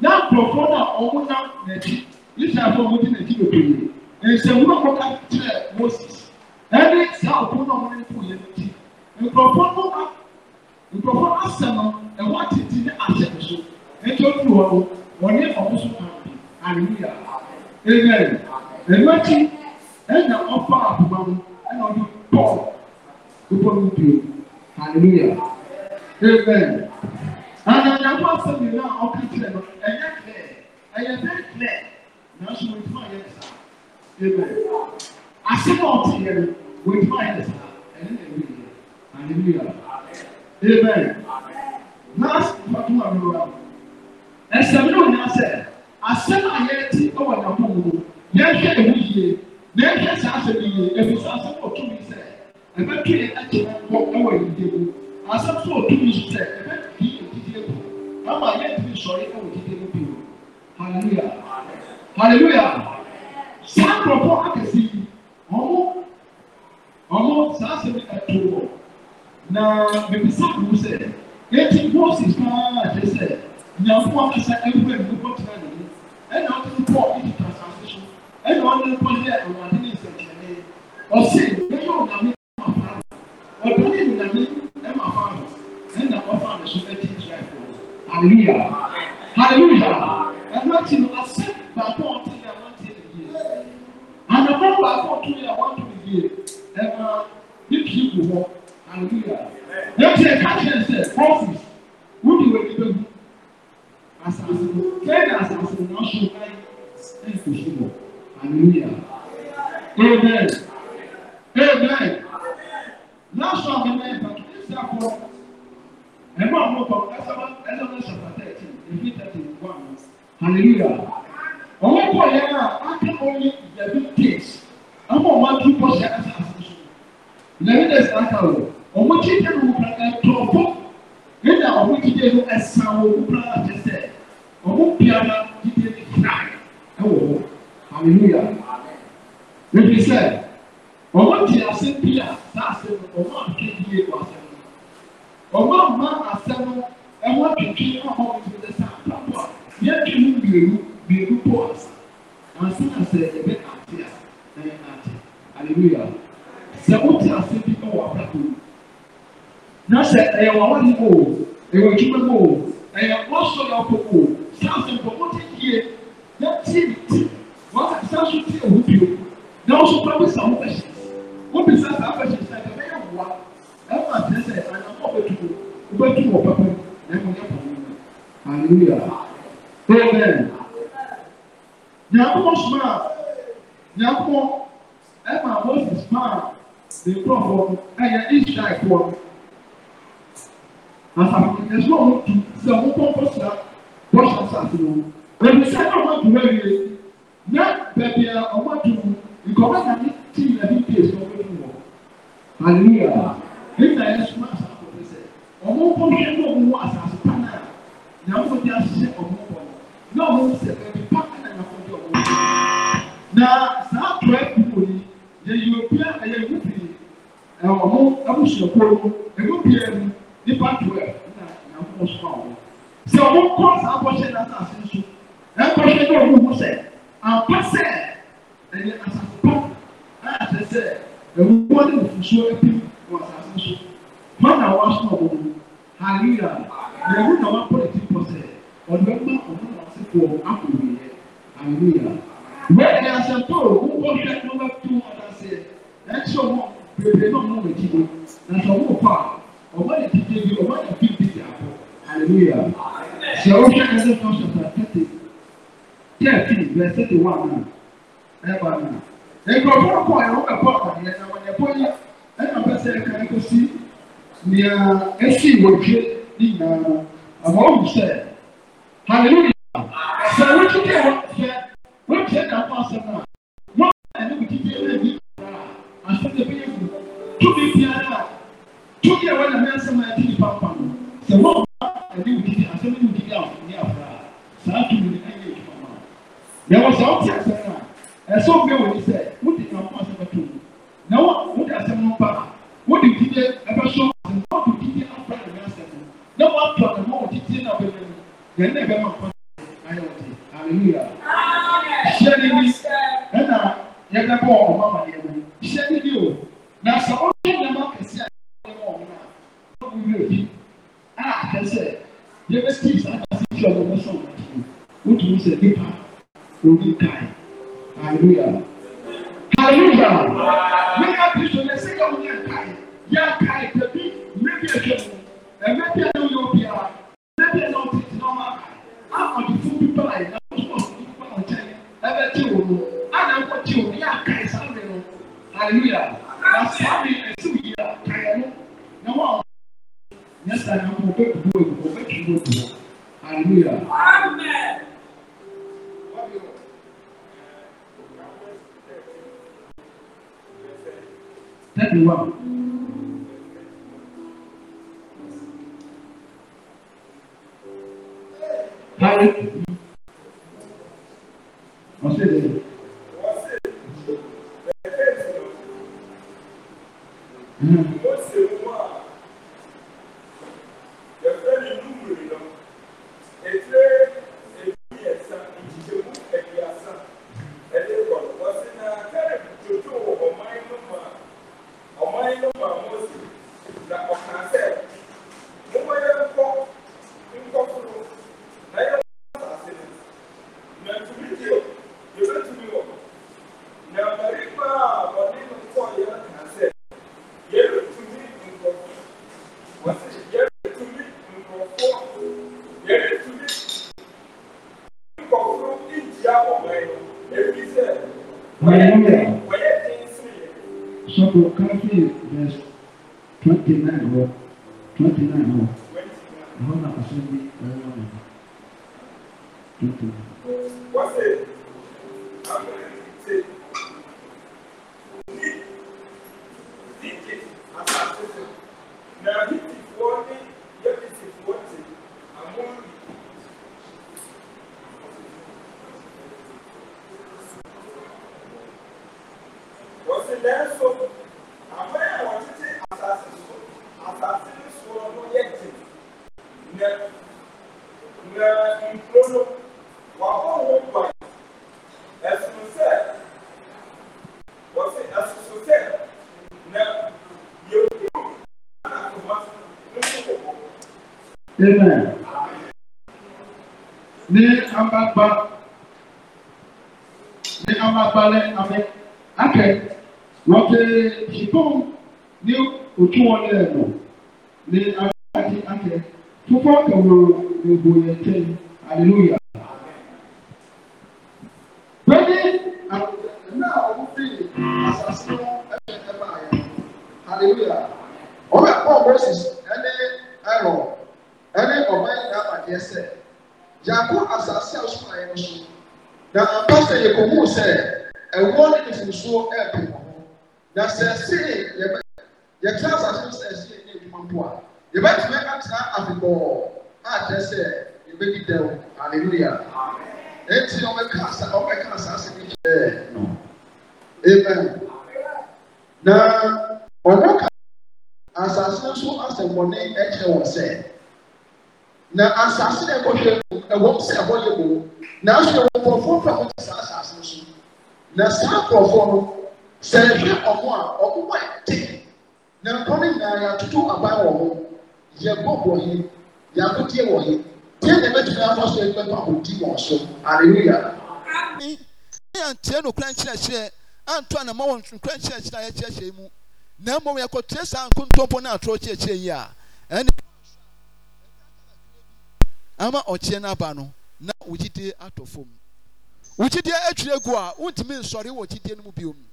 Speaker 1: na nkurɔfoɔ no a wɔn nam n'akyi israelfoɔ a wɔdi n'akyi bebree nsɛmúlò kɔkà kyerɛ moses ɛne saa ɔpon na wɔn nko yɛ n'akyi nkurɔfoɔ no a nkurɔfoɔ no asɛ no ɛwɔ atete ne ahyɛ no so ɛnti ɔfi wɔn no wɔne ɔmo so kan bi aleluya amen ɛnu akyi ɛna ɔfa ahoma no ɛna ɔde bɔɔl kókó Amen. bio aleluya amen anyanyafo asɛm yi na ɔka kyerɛ no ɛyɛ clear ɛyɛ very clear nanso wɔntuma yɛ ne saa amen asɛm a ɔte yɛ no wɔntuma yɛ ne saa ɛne na ɛwi yɛ hallelujah amen last part one no ra
Speaker 2: ɛsɛm no nyɛ sɛ
Speaker 1: asɛm a yɛte ɛwɔ nyafo mu no yɛhwɛ ɛmu yie na yɛhwɛ saa asɛm yi yie ebi saa asɛm wɔ tumi sɛ ɛbɛtwe yɛ ɛkyerɛ kɔ ɛwɔ yɛn dɛm asɛm so wɔ tumi sɛ ɛbɛtwe mama yẹ ti sọ̀rọ̀ ẹwọ dídé níbi o hallelujah hallelujah saa nkurɔfo akɛse yi ɔmo ɔmo saa sɛ ɛto wɔ na bibisa kuru sɛ eti moses paa akyerɛ sɛ nyafo akasa ewura mu kɔ tena ne mu ɛna ɔde ne pɔ egypt asase so ɛna ɔde ne pɔ yɛ ɛwɔ ade ne nsɛnkyerɛnne ɔsi ɛyɛ ɔname. hallelujah hallelujah ẹnu ti no ase baako ọtí yẹ wọn ti yẹ yie anamọ baako ọtí yẹ wọn ti yẹ yie ẹnu bí pii gu hɔ hallelujah yẹ ti yẹ káàkiri sẹ ọfis wúdi wọ ẹni bẹ gu asase no kẹ́hìn asase no n'aso báyìí ẹni kò sí wọ hallelujah amen amen n'aso àwọn ẹ̀ka kìí sẹ́ àkọ́ ẹ̀mú àwọn ọkọ̀ ẹ̀sọ́mọ́ ẹ̀sọ́mọ́ ṣọ̀tà tẹ̀tì èmi tẹ̀tì wà mí hallelujah ọmọ kọ̀ yẹn a aka onye yẹbi days ama ọmọ atu bọ́sẹ̀ ẹ̀sà àti so lẹ́yìn dẹ̀ sàkà o ọmọ kí ẹ̀ ló kura ẹ̀ tọ̀ bọ́ ọmọ kí ẹ̀ ló ẹ̀sà o àti sẹ̀ ọmọ piara kí ẹ̀ ló kura ẹ̀wọ̀ hallelujah ebi sɛ ọmọ ti ase bi a saa ase no ọmọ akeke yie wɔ ase ɔmo ama asɛm no ɛmo atwitwi ama ɔmo tumi de sa apapo a yɛtwi mu mmienu mmienu po asa ansa na sɛ ɛbɛ ate a na yɛ ate aleluya sɛ wote ase bi ɛwɔ apapo mu na sɛ ɛyɛ wɔwɔde o ɛyɛ adwuma mu o ɛyɛ ɔsɔlɔ po o saa sɛ nkɔmɔ te yie na tie ne ti wɔn akasa o, tie ɛho bio na wɔn nso kura bi sa ho bɛhyɛ wɔn bi sa saa bɛhyɛ sɛ ɛbɛyɛ wɔwa ɛwɔ asɛsɛ anyamɔ bɛtumu wobɛtum wɔ pɛpɛ na ɛmɔ nyɛ pɔn mu hallelujah amen nyankopɔ soma a nyankopɔ ɛma moses maa ne nkurɔfoɔ ɛyɛ israelfoɔ asafo ɛsɛ wɔn tu sɛ wɔn pɔnpɔ sira bɔhyɛ asase no ebi sɛ ɛna wɔn atu awie na baabi a wɔn atu nkɔmɔ na ne ti na ne pie so wɔn bɛtum wɔ hallelujah nígbà yẹn sọ máa sábà kọ̀ọ̀kan sẹ ọmọ nkọ mi ẹni ọmọ wọn asase pa náà na ọmọ di ahyehyẹ ọmọ nkọ no na ọmọ sẹ ẹbi pa ẹna na ọmọ di ọmọ nkọ na saa tọ́ ẹkú wò ni yẹ yẹ obi a ẹyẹ ẹmu pii ẹ ọmọ abusuakuo no ẹmu pii ẹmu nípa tọ́ ẹ na na ọmọ sọ ọmọ sẹ ọmọ nkọ saa bọ́ṣẹ na asase nso ẹ bọ́ṣẹ ní ọmọ nkọ sẹ àpá sẹ ẹyẹ asase pa ẹ àtẹ sẹ ẹwọ wọn ni òfusuo ẹpẹ wɔ asase so hɔn na wɔaso wɔn haleluya yɛn ho na wɔapɔlɔ ti pɔ sɛ ɔno ɛma ɔno na ɔsi fo akɔ wiyɛ haleluya wɛn yɛ asɛpɔ wɔwɔ hwɛ na wɔatu ɔdase ɛkyerɛ wɔn bebree na wɔn wɔ akyi no na sɛ wɔn pa ɔmo ayɛ tete bi ɔmo ayɛ bi bi akɔ haleluya sɛ wɔhwɛ ɛsɛ fɔ sɔsɔ tete tɛɛfin bɛ tete wɔn ana ɛba ana nkurɔfoɔ kɔ ɛwɔ ɛbɔ ɔdeɛ na wɔn ɛbɔ yɛ ɛna pɛ sɛ ɛka ɛkɔsi nea ɛsi wɔdwe ne nyinaa no ama ɔhu sɛ hallelujah sɛ wotete hɔ sɛ wotie kafa asɛm a mo ɛne mo tete ɛna bi asɛm de bi yɛfu tumi biara tumi a wɔnam ɛnsɛm a ɛte nipa mpa no sɛ wɔn a ɛne mo tete asɛm ne mo tete a ne afra saa tumi no ɛyɛ edwuma ma na ɛwɔ sɛ ɔte asɛm a ɛsɛ obi wɔ ne sɛ wote kafa asɛm ɛto mu na wọ́n wọ́n kà sẹ́mu náà bá wọ́n di dídé ẹbẹ sọ wọ́n di dídé abúlé ẹ̀mí asẹ́mu na wọ́n atọ́ ẹ̀mí wọ́n di dídé náà bẹ́ẹ̀ mẹ́rin yẹn náà bẹ́ẹ̀ máa kọ́ ayé wọ́n ti hallelujah hyẹ́ni ni ẹ̀nà yẹn bẹ́ẹ̀ bọ́ ọ̀ma ma yẹn wọ́n hyẹ́ni ni o na sọ ọ́ ní ẹ̀ma kẹsí ayé wọ́n wọ́n wọ́n hallelujah mega kristu na ɛsɛ yɛ wo yɛ nkae yɛ nkae dabi mmɛbi ɛhwɛ mu ɛmɛbi a yɛwɔ yɛ obiara mmɛbi a yɛwɔ tete na ɔma amɔdefo bi ba yɛ na ɔtɔ ɔtɔ ba nkyɛn ɛbɛte wo no ana nkɔte wo yɛ nkae saa mi no hallelujah na saa mi ɛsɛ wo yɛ nkae no na wɔn a nyɛ saa na ɔbɛbu wo ewu ɔbɛtu wo ewu hallelujah. Let me walk. Harry, wọ́n ṣe lè. Mm-hmm. Amen. Ní abagba ní abagbalẹ̀ abẹ akẹ n'ọtẹ ṣùgbọ́n ní òtún wọn lẹ́nu ní abagbalẹ̀ akẹ fúnfọ́ kẹwọ́ ẹ̀gbọ́n yẹn tẹ̀. na asase na ɛkɔhwɛ ɛwɔ sɛ ɛhɔ yɛ wo na asɛ ɛwɔ nkurɔfoɔ fɛ wɔn saa asase so na saa nkurɔfoɔ no sɛ ɛhwɛ ɔmo a ɔmo wɔ ɛte na nkɔ ne nyinaa yɛatoto aban wɔ ho yɛbɔ wɔ he yɛakodeɛ wɔ he deɛ na ɛbɛtumi afa so ɛbɛba odi wɔn so aleluya. ɛyɛ ntie no kura nkyerɛkyerɛ anto anamɔ wɔn nkura nkyerɛkyerɛ a yɛkyerɛkyerɛ mu na mmom yɛkɔtue saa nkontompo ne atorɔ kyerɛkyerɛ yi a ɛne ama ɔkyeɛ no aba no na wo gyidie atɔ fam wo gyidie atwiri egu a wontumi nsɔre wɔ gyidie no mu bio mu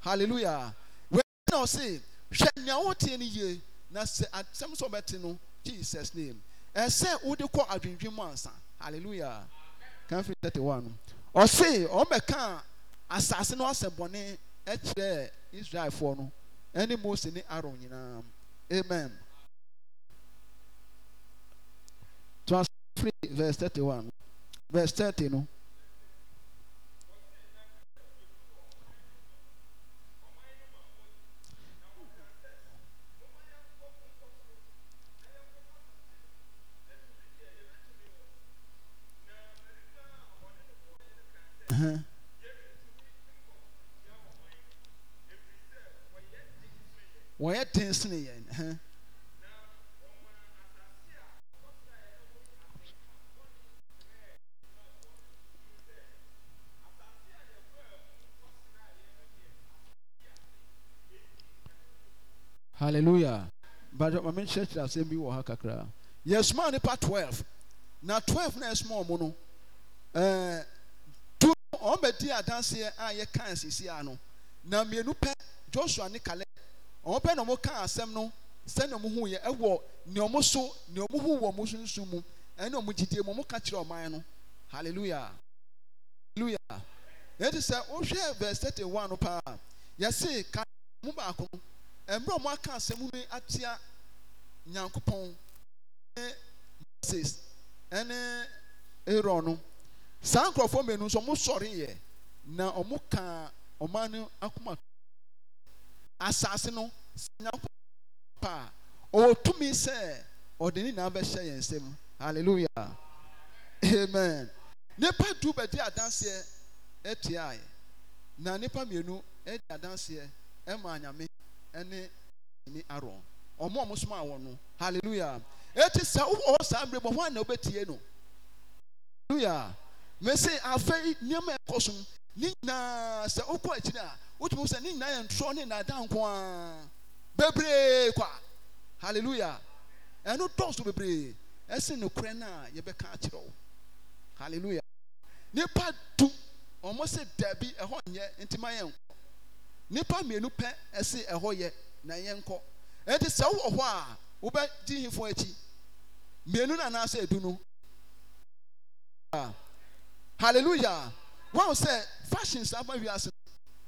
Speaker 1: hallelujah wɛn na ɔse hwɛ nea wotie no yie na sɛ asɛm sɛ ɔbɛte no jesus name ɛsɛ wode kɔ adwendwen mu ansa hallelujah kan fi thirty one ɔse ɔmɛka asase no asɛbɔne ɛkyerɛ israelfoɔ no ɛne mose ne aaron nyinaa amen. Free verse thirty one verse thirty no. Uh huh. wɔyɛ tensene Huh. halleluya but mamenkyerɛkyerɛ asɛm bi wɔ ha kakra yɛsomaa nipa 12 na 12 na ɛsomaa ọmụnụ, no ɛɛ eh, tu ɔmbɛdi adanseɛ a yɛka asisi a no na mmienu pɛ joshua ne kale ɔmo pɛ na ɔmo ka asɛm no sɛnea ɔmo ho yɛ ɛwɔ nea so nea ɔmo ho wɔ ɔmo sunsun mu ɛne eh, ɔmo gyidie mu ɔmo ka kyerɛ ɔman no hallelujah hallelujah yɛte sɛ wohwɛ verse thirty one paa yɛse ka mu baako mmerɛ a wɔaka asɛm no atia nyankopɔn ne moses ne aaron no saa nkurɔfoɔ mmienu nso wɔsɔreeɛ na wɔkaa ɔman no akoma asase no nyankopɔn pa a ɔwɔ tumi sɛ ɔde ne nyinaa bɛhyɛ yɛn nsam hallelujah amen nipa du bɛdi adanseɛ ɛtiaeɛ na nipa mmienu di adanseɛ ɛma anyame. ne ne aron ɔmo a ɔmo soma wɔn no hallelujah eti sa ɔwɔ saa mmerɛ bɔ hɔn a na ɔbɛtie no hallelujah mese afei nneɛma ɛkɔ so ne nyinaa sɛ ɔkɔ akyire a wotumi sɛ ne nyinaa yɛ ntorɔ ne nnaadaa nko bebree kwa hallelujah ɛno dɔɔso bebree ɛsi ne korɛ no a yɛbɛka akyerɛ wo hallelujah nipa du ɔmo sɛ dabi ɛhɔ nyɛ ntoma yɛn nipa mmienu pɛ ɛsi ɛhɔ yɛ na yɛn nkɔ ɛnti sɛ wɔ hɔ a wobɛ di hifo akyi mmienu na anaasɛ edunu hallelujah wɔn sɛ fashions aba wiase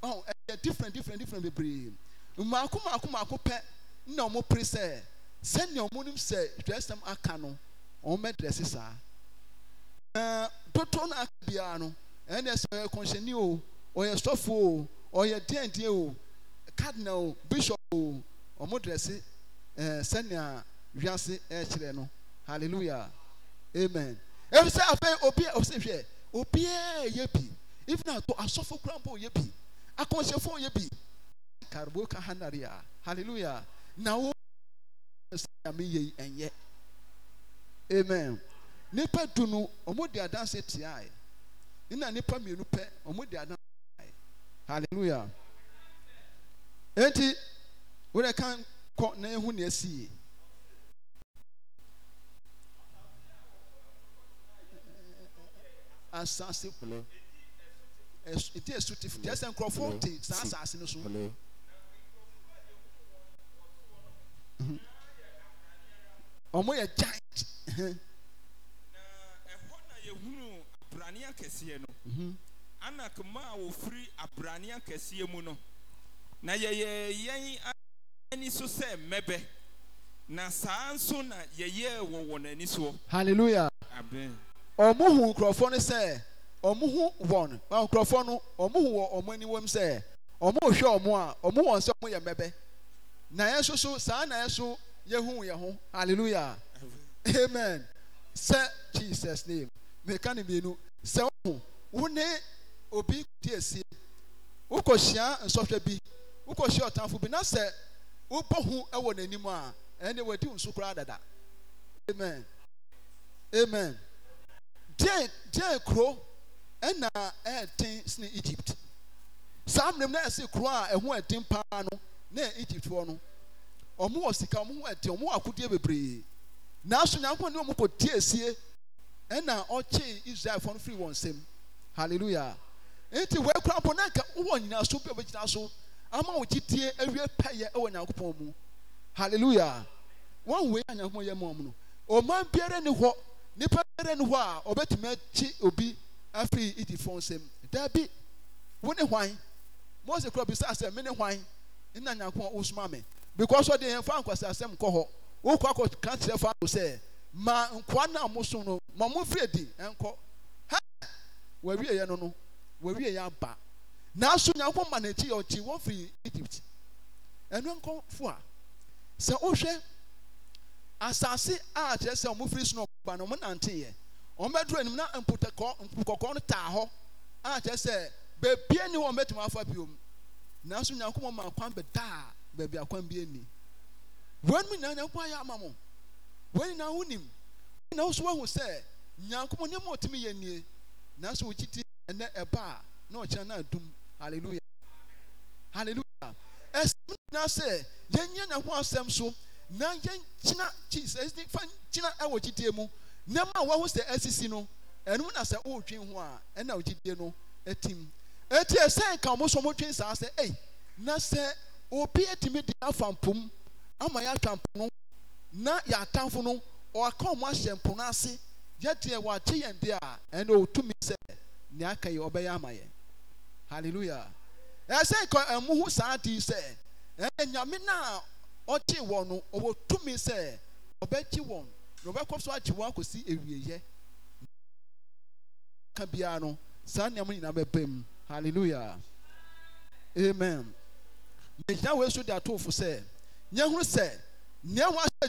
Speaker 1: ɔn ɛyɛ different different different bebree mmaako mmaako mmaako pɛ na wɔn pere sɛ sɛnea wɔn nim sɛ dressam aka no wɔn bɛ dresse saa ɛɛ dodoɔ na aka biara no ɛnna ɛsɛ ɔyɛ kɔnhyɛni o ɔyɛ sɔfo o ɔyɛ tiɛntiɛ o cardinal o bishop o ɔmo dɛsi ɛɛ sɛnea wiase ɛɛkyerɛ no hallelujah amen efisɛ afɛ obi ɔsi hwɛ obiara yɛ bi if to asɔfo kurampo yɛ bi akɔnhyɛfo yɛ bi karibo kahanari a hallelujah na wo sɛnea mi yɛ ɛnyɛ amen nipa dunu ɔmo di adansi tia yi nna nipa mienu pɛ ɔmo di adansi. alleluya enti wedɛ kan kɔ na yɛhu ne asieɛasutɛsɛ nkurɔfoɔ te saa asase no so mhm. ɔmo yɛ gint
Speaker 2: anak a wofiri abraneɛ kɛseɛ mu no na yɛyɛ yɛn ani so sɛ mmɛbɛ na saa nso na yɛyɛ wɔ wɔn ani soɔ hallelujah amen
Speaker 1: ɔmo hu nkurɔfoɔ no sɛ ɔmo hu wɔn na nkurɔfoɔ no ɔmo hu wɔ ɔmo aniwam sɛ ɔmo hwɛ ɔmo a ɔmo wɔn sɛ ɔmo yɛ mmɛbɛ na yɛn nso so saa na yɛn so yɛhu yɛn ho hallelujah amen sɛ jesus name mɛka ne mmienu sɛ ɔmo wo obi te asie wokɔhyia nsɔhwɛ bi wokɔhyia ɔtamfo bi na sɛ wobɔ ho wɔ n'anim a ɛnɛ wɔadi wo nso koraa dada amen amen deɛ deɛ kuro ɛna ɛɛten sene egypt saa mmiri na ɛsɛ kuro a ɛho ɛten paa no na egyptfoɔ no ɔmo wɔ sika ɔmo ho ɛten ɔmo wɔ akodeɛ bebree naaso nyankopɔn ne ɔmo kɔ tie esie ɛna ɔkye israelfoɔ no firi wɔn nsam hallelujah. nti wɔn akura bɔ nanka wɔwɔ nyinaa so bi a wɔgyina so ama wɔn gyidie awie pɛyɛ wɔ nyankopɔn mu hallelujah wɔn wɔ yɛ nyankopɔn yɛ no ɔman biara ni hɔ nipa biara ni hɔ a ɔbɛtumi akyi obi hwan mose kura hwan nyankopɔn because yɛn fa nkwasi asɛm kɔ hɔ akɔ kan fa sɛ ma nkwa na mo no ma mo edi ha wɔwie yɛ aba nanso nyankopɔn ma n'akyi ɔkye wɔn firi egypt ɛnu nkɔfo a sɛ wohwɛ asase a kyerɛ sɛ wɔn firi snow ba na wɔn nante yɛ wɔn bɛduru anim na mputakɔ mpukɔkɔ no taa hɔ a kyerɛ sɛ beebie ni wɔn bɛtumi afa biom nanso nyankopɔn ma kwan bɛdaa beebi akwan bi ani wɔn mu nyinaa nyankopɔn ayɛ ama mo wɔn nyinaa ho nim wɔn nyinaa nso wɔn ho sɛ nyankopɔn nneɛma a ɔtumi yɛ nie nanso wɔn kyi ti. ɛnɛ ɛba a na ɔkyɛn na dum. hallelujah hallelujah ɛsɛm nyinaa sɛ yɛnyɛ ne ho asɛm so na yɛnkyina jesus fa nkyina ɛwɔ gyidie mu nneɛma a wɔaho sɛ ɛsisi no ɛnum na sɛ ɔretwe ho a ɛna gyidie no ɛtim eti ɛsɛn ka ɔmo so ɔmo twe saa sɛ ɛy na sɛ obi etimi di afa mpom ama yɛ atwa mpono na yɛ atamfo no ɔaka ɔmo ahyɛ mpono ase yɛ deɛ wɔagye yɛn deɛ a ɛna otumi sɛ. nea aka yi ɔbɛyɛ ama yɛ hallelujah ɛsɛ kɔ ɛmu ho saa ti sɛ ɛɛ nyame na ɔkye wɔn no ɔwɔ tumi sɛ ɔbɛkye wɔn na ɔbɛkɔ so akye wɔn akɔsi ewieyɛ ka biara no saa nneɛma nyinaa bɛbɛ mu hallelujah amen megyina wei so de atoofo sɛ nyɛ ho sɛ nea wɔn ahyɛ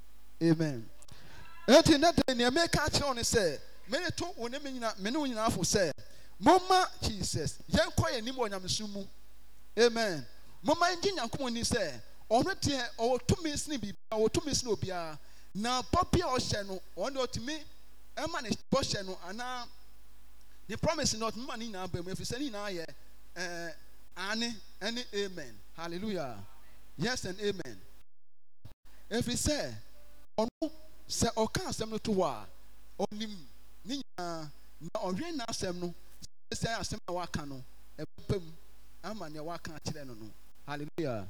Speaker 1: amen ɛnti na de nea meka kyerɛw ne sɛ mereto wo ne me ne wo nyinaa fo sɛ momma jesus yɛnkɔ yɛ anim wɔ nyamesom mu amen momma yɛngye nyankopɔn ani sɛ ɔno deɛ ɔwɔ tumi sene biribiara ɔwɔ tumi sene obiara na bɔ bi a ɔhyɛ no ɔno deɛ ɔtumi ɛma ne bɔ hyɛ no anaa ne promise na ɔtumi ma ne nyinaa bɛn mu efisɛ ne nyinaa yɛ ɛɛ ane ɛne amen hallelujah yes and amen efisɛ. ɔno sɛ ɔka asɛm no to hɔ a ɔnim ne nyinaa na ɔhwɛ n'asɛm no sɛ asɛm a waka no ɛbɛpam ama nea waka akyerɛ no no hallelujah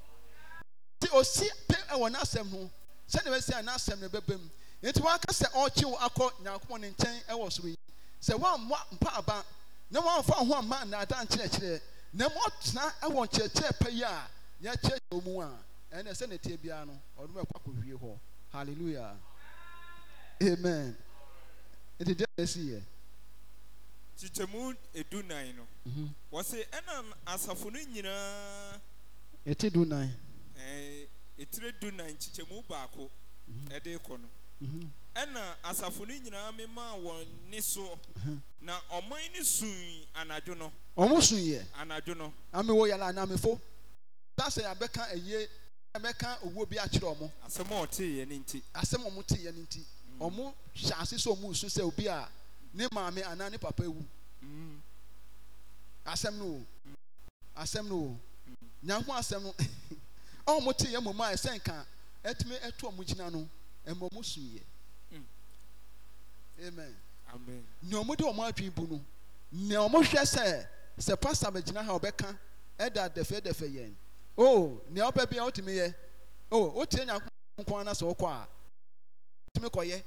Speaker 1: ti osi pe ɛwɔ n'asɛm no sɛdeɛ bɛsi a n'asɛm no ɛbɛpam nti waka sɛ ɔkye wo akɔ nyankopɔn ne nkyɛn ɛwɔ soro yi sɛ wɔammoa mpaaba na wɔamfa ho amma nnaadaa nkyerɛkyerɛ na ma ɔtena ɛwɔ nkyerɛkyerɛ pɛ yi a yɛakyerɛkyerɛ mu a ɛnɛ sɛ ne tie biara no ɔno
Speaker 2: ɛkɔ akɔwie hɔ
Speaker 1: Hallelujah. Amen. Nti deɛ na ɛsi yɛ.
Speaker 2: Kyikyɛmu edu nan no. Mhm. Wɔsi ɛnam asafo no nyinaa.
Speaker 1: Eti dunan. nan.
Speaker 2: Ɛɛ eh, etire du nan kyikyɛmu baako ɛde mhm. kɔ no. Ɛna mhm. asafo no nyinaa mema wɔn ni soɔ. Na ɔman ni sun anadwo no.
Speaker 1: Ɔmo sun yɛ. Anadwo no. Ami wo yala anamifo. Tase abɛka eye mɛka owó bi akyerɛ ɔmo. asɛm a ɔte yɛ ne nti. asɛm a ɔmo te yɛ ne nti. Mm. ɔmo hyɛ ase sɛ ɔmo nsu sɛ obi a ne maame anaa ne papa ewu. Mm. asɛm no o mm. asɛm no o nyanko asɛm no a ɔmo te yɛ mo ma ɛsɛn ka ɛtumi ɛto ɔmo gyina no ɛmo ɔmo su yɛ. amen. amen. nea ɔmo de ɔmo adwi bu no nea ɔmo hwɛ sɛ sɛ pastor bɛ gyina ha ɔbɛka ɛda dɛfɛdɛfɛ yɛn. o oh, nea ɔpɛ bi a ɔtumi yɛ o oh, wotie nyanko nko ara sɛ ɔkɔ a ɔtumi kɔyɛ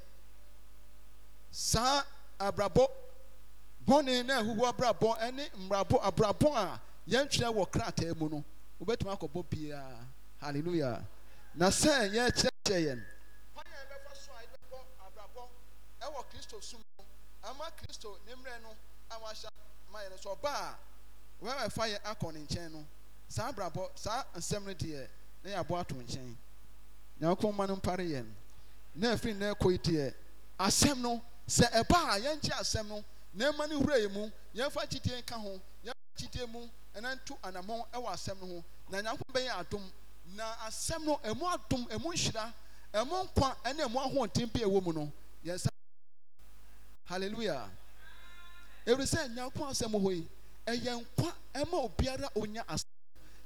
Speaker 1: saa abrabɔ bɔnne na ehuhu abrabɔ ɛne mbrabɔ abrabɔ a yɛntwerɛ wɔ krataa mu no wobɛtumi akɔbɔ biara hallelujah na sɛ yɛ kyerɛkyerɛ yɛn ɛwɔ kristo sum no ama kristo ne mmerɛ no a wahyɛ ma yɛn so ɔbaa wɔn a ɛfa yɛ akɔ ne nkyɛn no saa abrabɔ saa nsɛm no deɛ na yɛ abo ato nkyɛn nyankopɔn ma no mpare yɛn na afiri na ɛkɔ yi deɛ asɛm no sɛ a yɛnkye asɛm no na ɛma no wura yɛ mu yɛmfa kyidie ka ho yɛmfa kyidie mu ɛna nto anammɔn ɛwɔ asɛm no ho na nyankopɔn bɛyɛ adom na asɛm no ɛmu adom ɛmu nhyira ɛmu nkwa ɛne ɛmu ahoɔden bi ɛwɔ mu no yɛnsa hallelujah sɛ nyankopɔn asɛm hɔ yi ɛyɛ nkwa ɛma obiara onya asɛm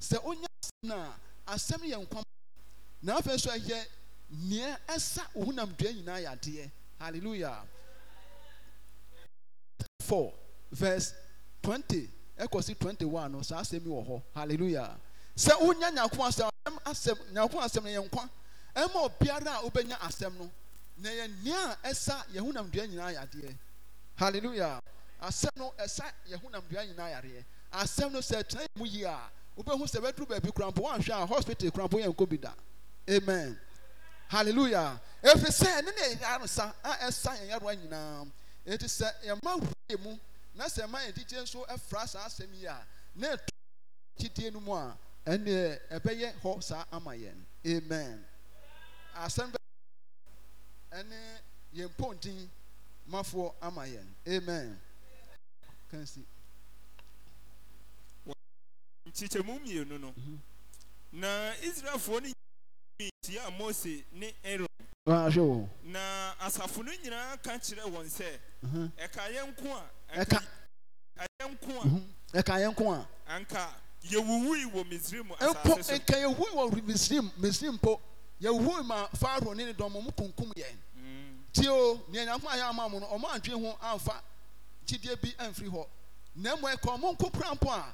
Speaker 1: sɛ wonyana asɛmno yɛn nkwa na afei nso ɛyɛ neɛ ɛsa wohonamdua nyinaa yɛdeɛ halleloa4:s20 ɛks 21 saasm yi wɔhɔ allela sɛ wonya nyankoaanyankoɔ asɛm na yɛnnkwa ɛma biara a wobɛnya asɛm no nayɛ nneɛ a ɛsa yɛhonamda nyinaa yɛdeɛ halleloya asɛm no ɛsa yɛhonamdua nyinaa yareɛ asɛm no sɛ ɛtena yɛ m yi a wobɛhu sɛ bɛduru baabi kurampo woanhwɛ a hospital kurampo yɛ nkɔ bi da amen hallelujah ɛfiri sɛ ne ne yɛyare sa a ɛsa yɛn yarewa nyinaa ɛti sɛ yɛma wurɛ mu na sɛ ma yɛn nso ɛfra saa asɛm yi a na ɛto titire no mu a ɛne ɛbɛyɛ hɔ saa ama yɛn amen asɛm bɛ ɛne yɛn pɔntin mafoɔ ama
Speaker 2: yɛn amen kansi kyekyɛmu mmienu no mhm. na israelfoɔ no tia mose ne aaron ah, na asafo no nyinaa ka kyerɛ wɔn sɛ mhm. ɛka yɛn nko a ɛka yɛn nko
Speaker 1: a mhm. ɛka yɛn nko a anka yɛwuwui wɔ misrim asase so nka yɛwuwui wɔ misrim misrim mpo yɛwuwui ma faaro ne ne dɔm mo kunkum yɛn mm. tie o nea nyanko a yɛ ama mo no ɔmo antwe ho amfa gyidie bi amfiri hɔ na mmom ɛka ɔmo nko kura mpo a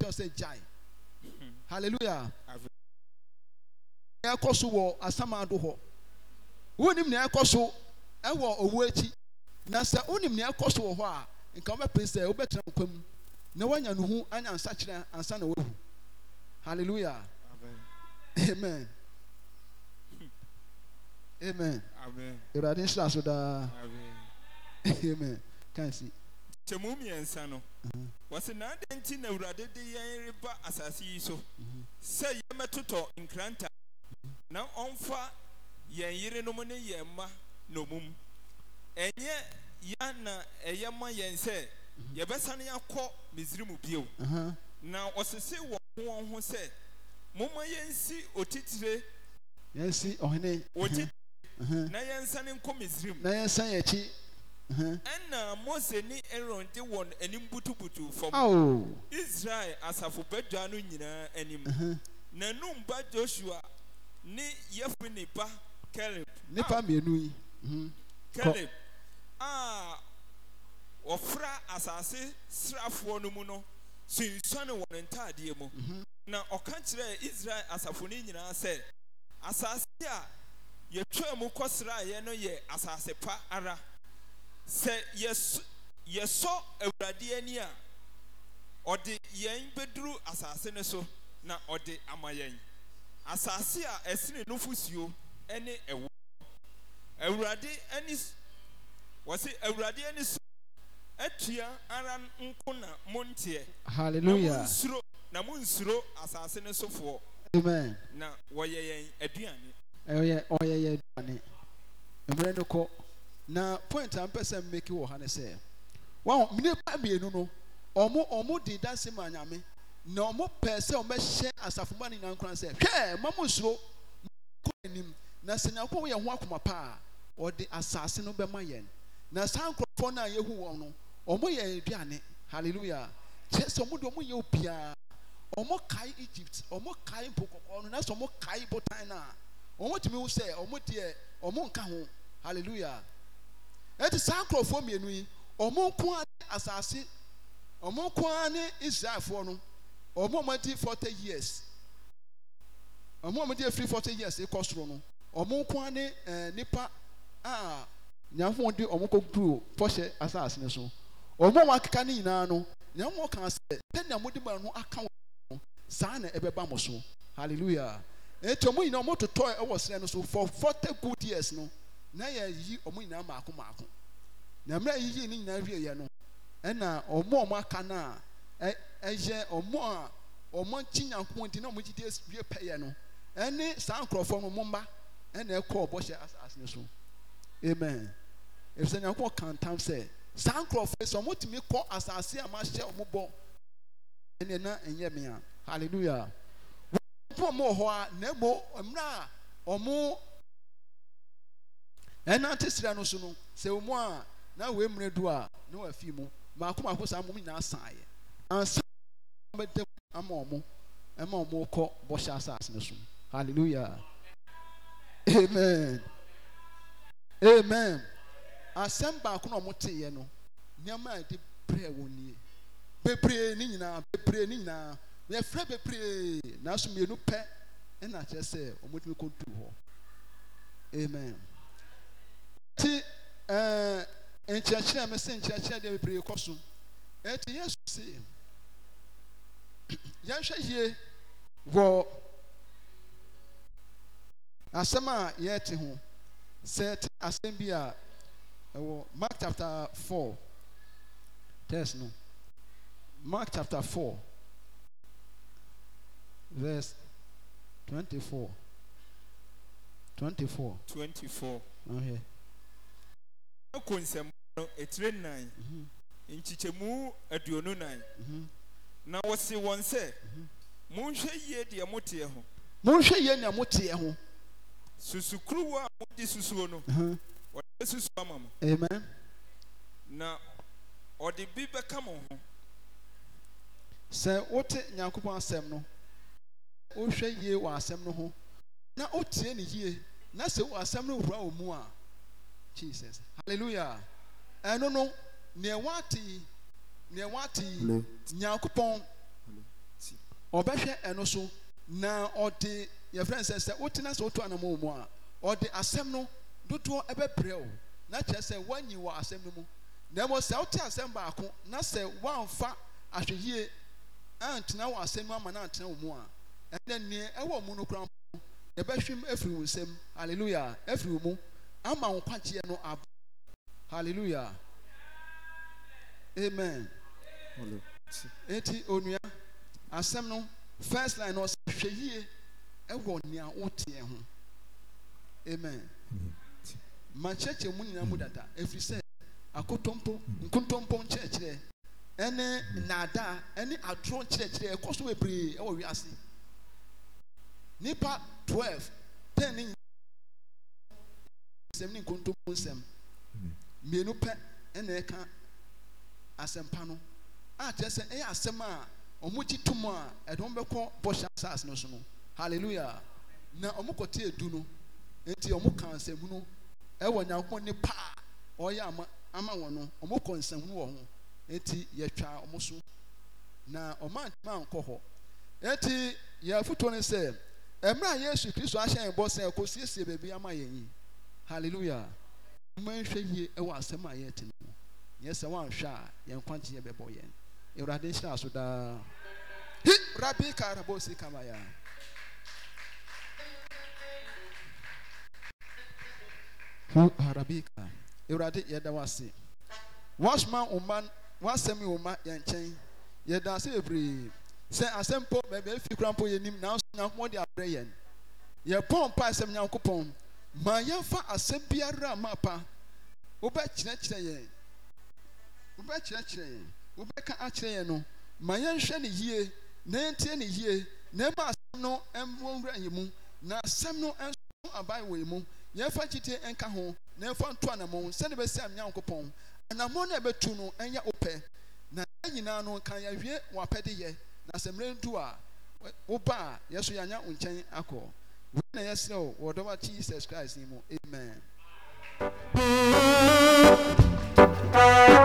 Speaker 1: just say jai hmm. hallelujah ɛkɔ so wɔ asamado hɔ wonim nea ɛkɔ so ɛwɔ owu akyi na sɛ wonim nea ɛkɔ so wɔ hɔ a nka wobɛpere sɛ wobɛtena nkwa mu na woanya no ho anya nsakyerɛ ansa na woahu hallelujah amen amen awurade nhyira so daa amen kan si
Speaker 2: kyɛmu mmiɛnsa no wɔsi na adan nti na awurade de yɛn reba asase yi so mm-hmm. sɛ yɛmɛtotɔ nkranta mm-hmm. na ɔmfa yɛn yerenom ne yɛn mma nomum ɛnyɛ yɛn na ɛyɛ ma yɛn sɛ mm-hmm. yɛbɛsan akɔ misirimu bio uh-huh. na ɔsese wɔn ho wɔn ho sɛ moma yɛnsi otitire
Speaker 1: yɛnsi ɔhene
Speaker 2: otitire uh-huh. Uh-huh. na yɛnsan nkɔ misirim
Speaker 1: na yɛnsan yɛkyi.
Speaker 2: ɛna mose ne aaron de wɔn anim butubutu fam israel asafo badwa no nyinaa anim na num ba joshua ne yefune ba caleb nipa ah. mmienu
Speaker 1: yi mhm.
Speaker 2: caleb a ah. wɔfra asase srafoɔ no mu no sunsuane wɔn ntaadeɛ mu mhm. na ɔka kyerɛɛ israel asafo no nyinaa sɛ asase a yɛtwa mu kɔsraeɛ no yɛ asase pa ara sɛ yɛsɔ awurade ani a ɔde yɛn bɛduru asase no so na ɔde ama yɛn asase a ɛsene nufosuo ne ɛwɔ awurade ani wɔsi awurade ani so atua ara nko na mo nteɛ hallelujah na mo nsuro na mo nsuro asase no sofoɔ amen na wɔyɛ yɛn aduane
Speaker 1: ɔyɛ ɔyɛ yɛn aduane mmerɛ no kɔ. na point a mpɛ sɛ mmeki wɔ ha ne sɛ wɔn nnipa mmienu no wɔn wɔn di dansi ma nyame na wɔn pɛɛ sɛ wɔbɛhyɛ asafomba ne nyinaa nkran sɛ hwɛ mma mo kɔ anim na sɛ nyako yɛ ho akoma paa ɔde asase no bɛma yɛn na saa nkurɔfoɔ no a yɛhu wɔn no wɔn yɛ aduane hallelujah kyerɛ sɛ wɔn de wɔn yɛ obiara wɔn kae egypt wɔn kae mpo kɔkɔɔ no na sɛ wɔn kae botan no a wɔn tumi sɛ wɔn deɛ wɔn nka ho hallelujah. ɛti saa nkurɔfoɔ mmienu yi wɔn nko ne asase wɔn nko ne israelfoɔ no ọmụ a wɔadi forty years wɔn a wɔadi afiri forty years kɔ soro no wɔn nko ne ɛɛ eh, nipa a nyaafo de wɔn pɔhyɛ ne so a wɔakeka nyinaa no kan sɛ ba no aka wɔn no saa na ɛbɛba mo so hallelujah ɛti nyinaa ɛwɔ srɛ no so for forty good years no. na yɛyi ɔmo nyinaa maako maako na mmerɛ yiyi ne nyinaa hwie yɛ no ɛna ɔmo ɔmo aka no a ɛyɛ ɔmo a ɔmo nkyi nyanko nti na ɔmo gyidi ewie pɛyɛ no ɛne saa nkorɔfoɔ no mo mba ɛna ɛkɔ ɔbɔhyɛ asase ne so amen efisɛ nyanko kan tam sɛ saa nkorɔfoɔ sɛ ɔmo tumi kɔ asase a mahyɛ ɔmo bɔ ɛna na ɛnyɛ mea hallelujah wɔn pɔn mo wɔ hɔ a na emo mmerɛ a ɔmo ɛna te sira no so no sɛ wɔn a na wɔn mmerɛ do a na wɔn afi mu mako mako saa mo nyinaa san yɛ ansa wɔn bɛtɛ ama wɔn ɛma wɔn kɔ bɔhyɛ asase no so hallelujah amen amen asɛm baako na wɔn te yɛ no nneɛma a yɛde brɛ wɔn nie bebree ne nyinaa bebree ne nyinaa yɛfrɛ bebree nanso mmienu pɛ ɛna kyerɛ sɛ wɔn tumi kɔ ntu hɔ amen nti ɛɛ eh, nkyerɛkyerɛ mi sɛ nkyerɛkyerɛ deɛ bebree kɔ so eti yesu se yɛhwɛ yie wɔ asɛm a yɛte ho sɛ ɛte asɛm bi a ɛwɔ mark chapter four test no mark chapter four verse twenty-four twenty-four.
Speaker 2: twenty-four. Okay. Oh, kɔ nsɛm no etire nan mhm. nkyikyɛmu aduonu nan mhm. na wɔsi wɔn sɛ mhm. monhwɛ yie deɛ moteɛ ho.
Speaker 1: monhwɛ yie deɛ moteɛ ho.
Speaker 2: susukuruwa a wɔde susuo no wɔde susu ama mo. amen. na ɔde bi bɛka mo ho.
Speaker 1: sɛ wote nyankopɔn asɛm no wohwɛ yie wɔ asɛm no ho na wotie ne yie na sɛ wɔ asɛm no wura wɔ mu a. Jesus. Hallelujah. Ɛno eh, no nea wate nea wate nyankopɔn ɔbɛhwɛ ɛno so na ɔde yɛfrɛ nsɛ sɛ wotena sɛ wotu anamɔ mu a ɔde asɛm no dodoɔ ɛbɛbrɛ o na kyerɛ sɛ woanyi wɔ asɛm no mu na mmom sɛ wote asɛm baako na sɛ woamfa ahwɛyie antena wɔ asɛm mu ama no antena wɔ mu a ɛnɛ neɛ ɛwɔ mu no koraa yɛbɛhwem afiri wo nsam hallelujah afiri wo mu ama nkwakyeɛ no aba hallelujah amen eti onua asɛm no first line na ɔsɛ hwɛ yie ɛwɔ nea woteɛ ho amen ma kyerɛkyerɛ mu nyinaa mu dada efiri sɛ akotompo nkontompo nkyerɛkyerɛ ɛne nnaadaa ɛne atorɔ nkyerɛkyerɛ ɛkɔ so bebree ɛwɔ wiase nipa 12 10 ne nsɛm ne nkontompo nsɛm mmienu pɛ ɛna ɛka asɛmpa no a kyerɛ sɛ ɛyɛ asɛm a wɔn gye tom a ɛdɔm bɛkɔ bɔhyɛ asase no so no na wɔn kɔte edu no nti wɔn ka nsɛm no ɛwɔ nipa ɔyɛ ama ama wɔn no wɔn kɔ nsɛm no wɔ ho yɛtwa wɔn na wɔn hɔ nti hallelujah mmanhwɛ yie ɛwɔ asɛm a yɛte no mu nyɛ sɛ wanhwɛ a yɛn kwankye yɛ bɛbɔ yɛn awurade nhyira so daa hi rabi karabosi kamaya hu arabika awurade yɛda wase wasoma woma wasɛm woma yɛn nkyɛn yɛda ase bebree sɛ asɛm po baabi afi kora mpo yɛnim nanso nyankopɔn de abrɛ yɛn yɛpɔn mpa asɛm nyankopɔn ma yɛmfa asɛm biara mapa wobɛkyerɛkyerɛ yɛn wobɛkyerɛkyerɛ yɛn wobɛka akyerɛ yɛn no ma yɛnhwɛ ne yie na yɛntie ne yie na ɛma asɛm no mmɔ nwura mu na asɛm no nso aban wɔ Ya mu yɛmfa nka ho na yɛmfa nto anammɔn sɛdeɛ bɛsi ya, nkopɔn anammɔn no a ɛbɛtu no na yɛn nyinaa no kan yɛwie wɔn na ntu a yɛanya nkyɛn akɔ wọ́n yẹ sẹ́ o Jesus Christ
Speaker 2: anymore. amen.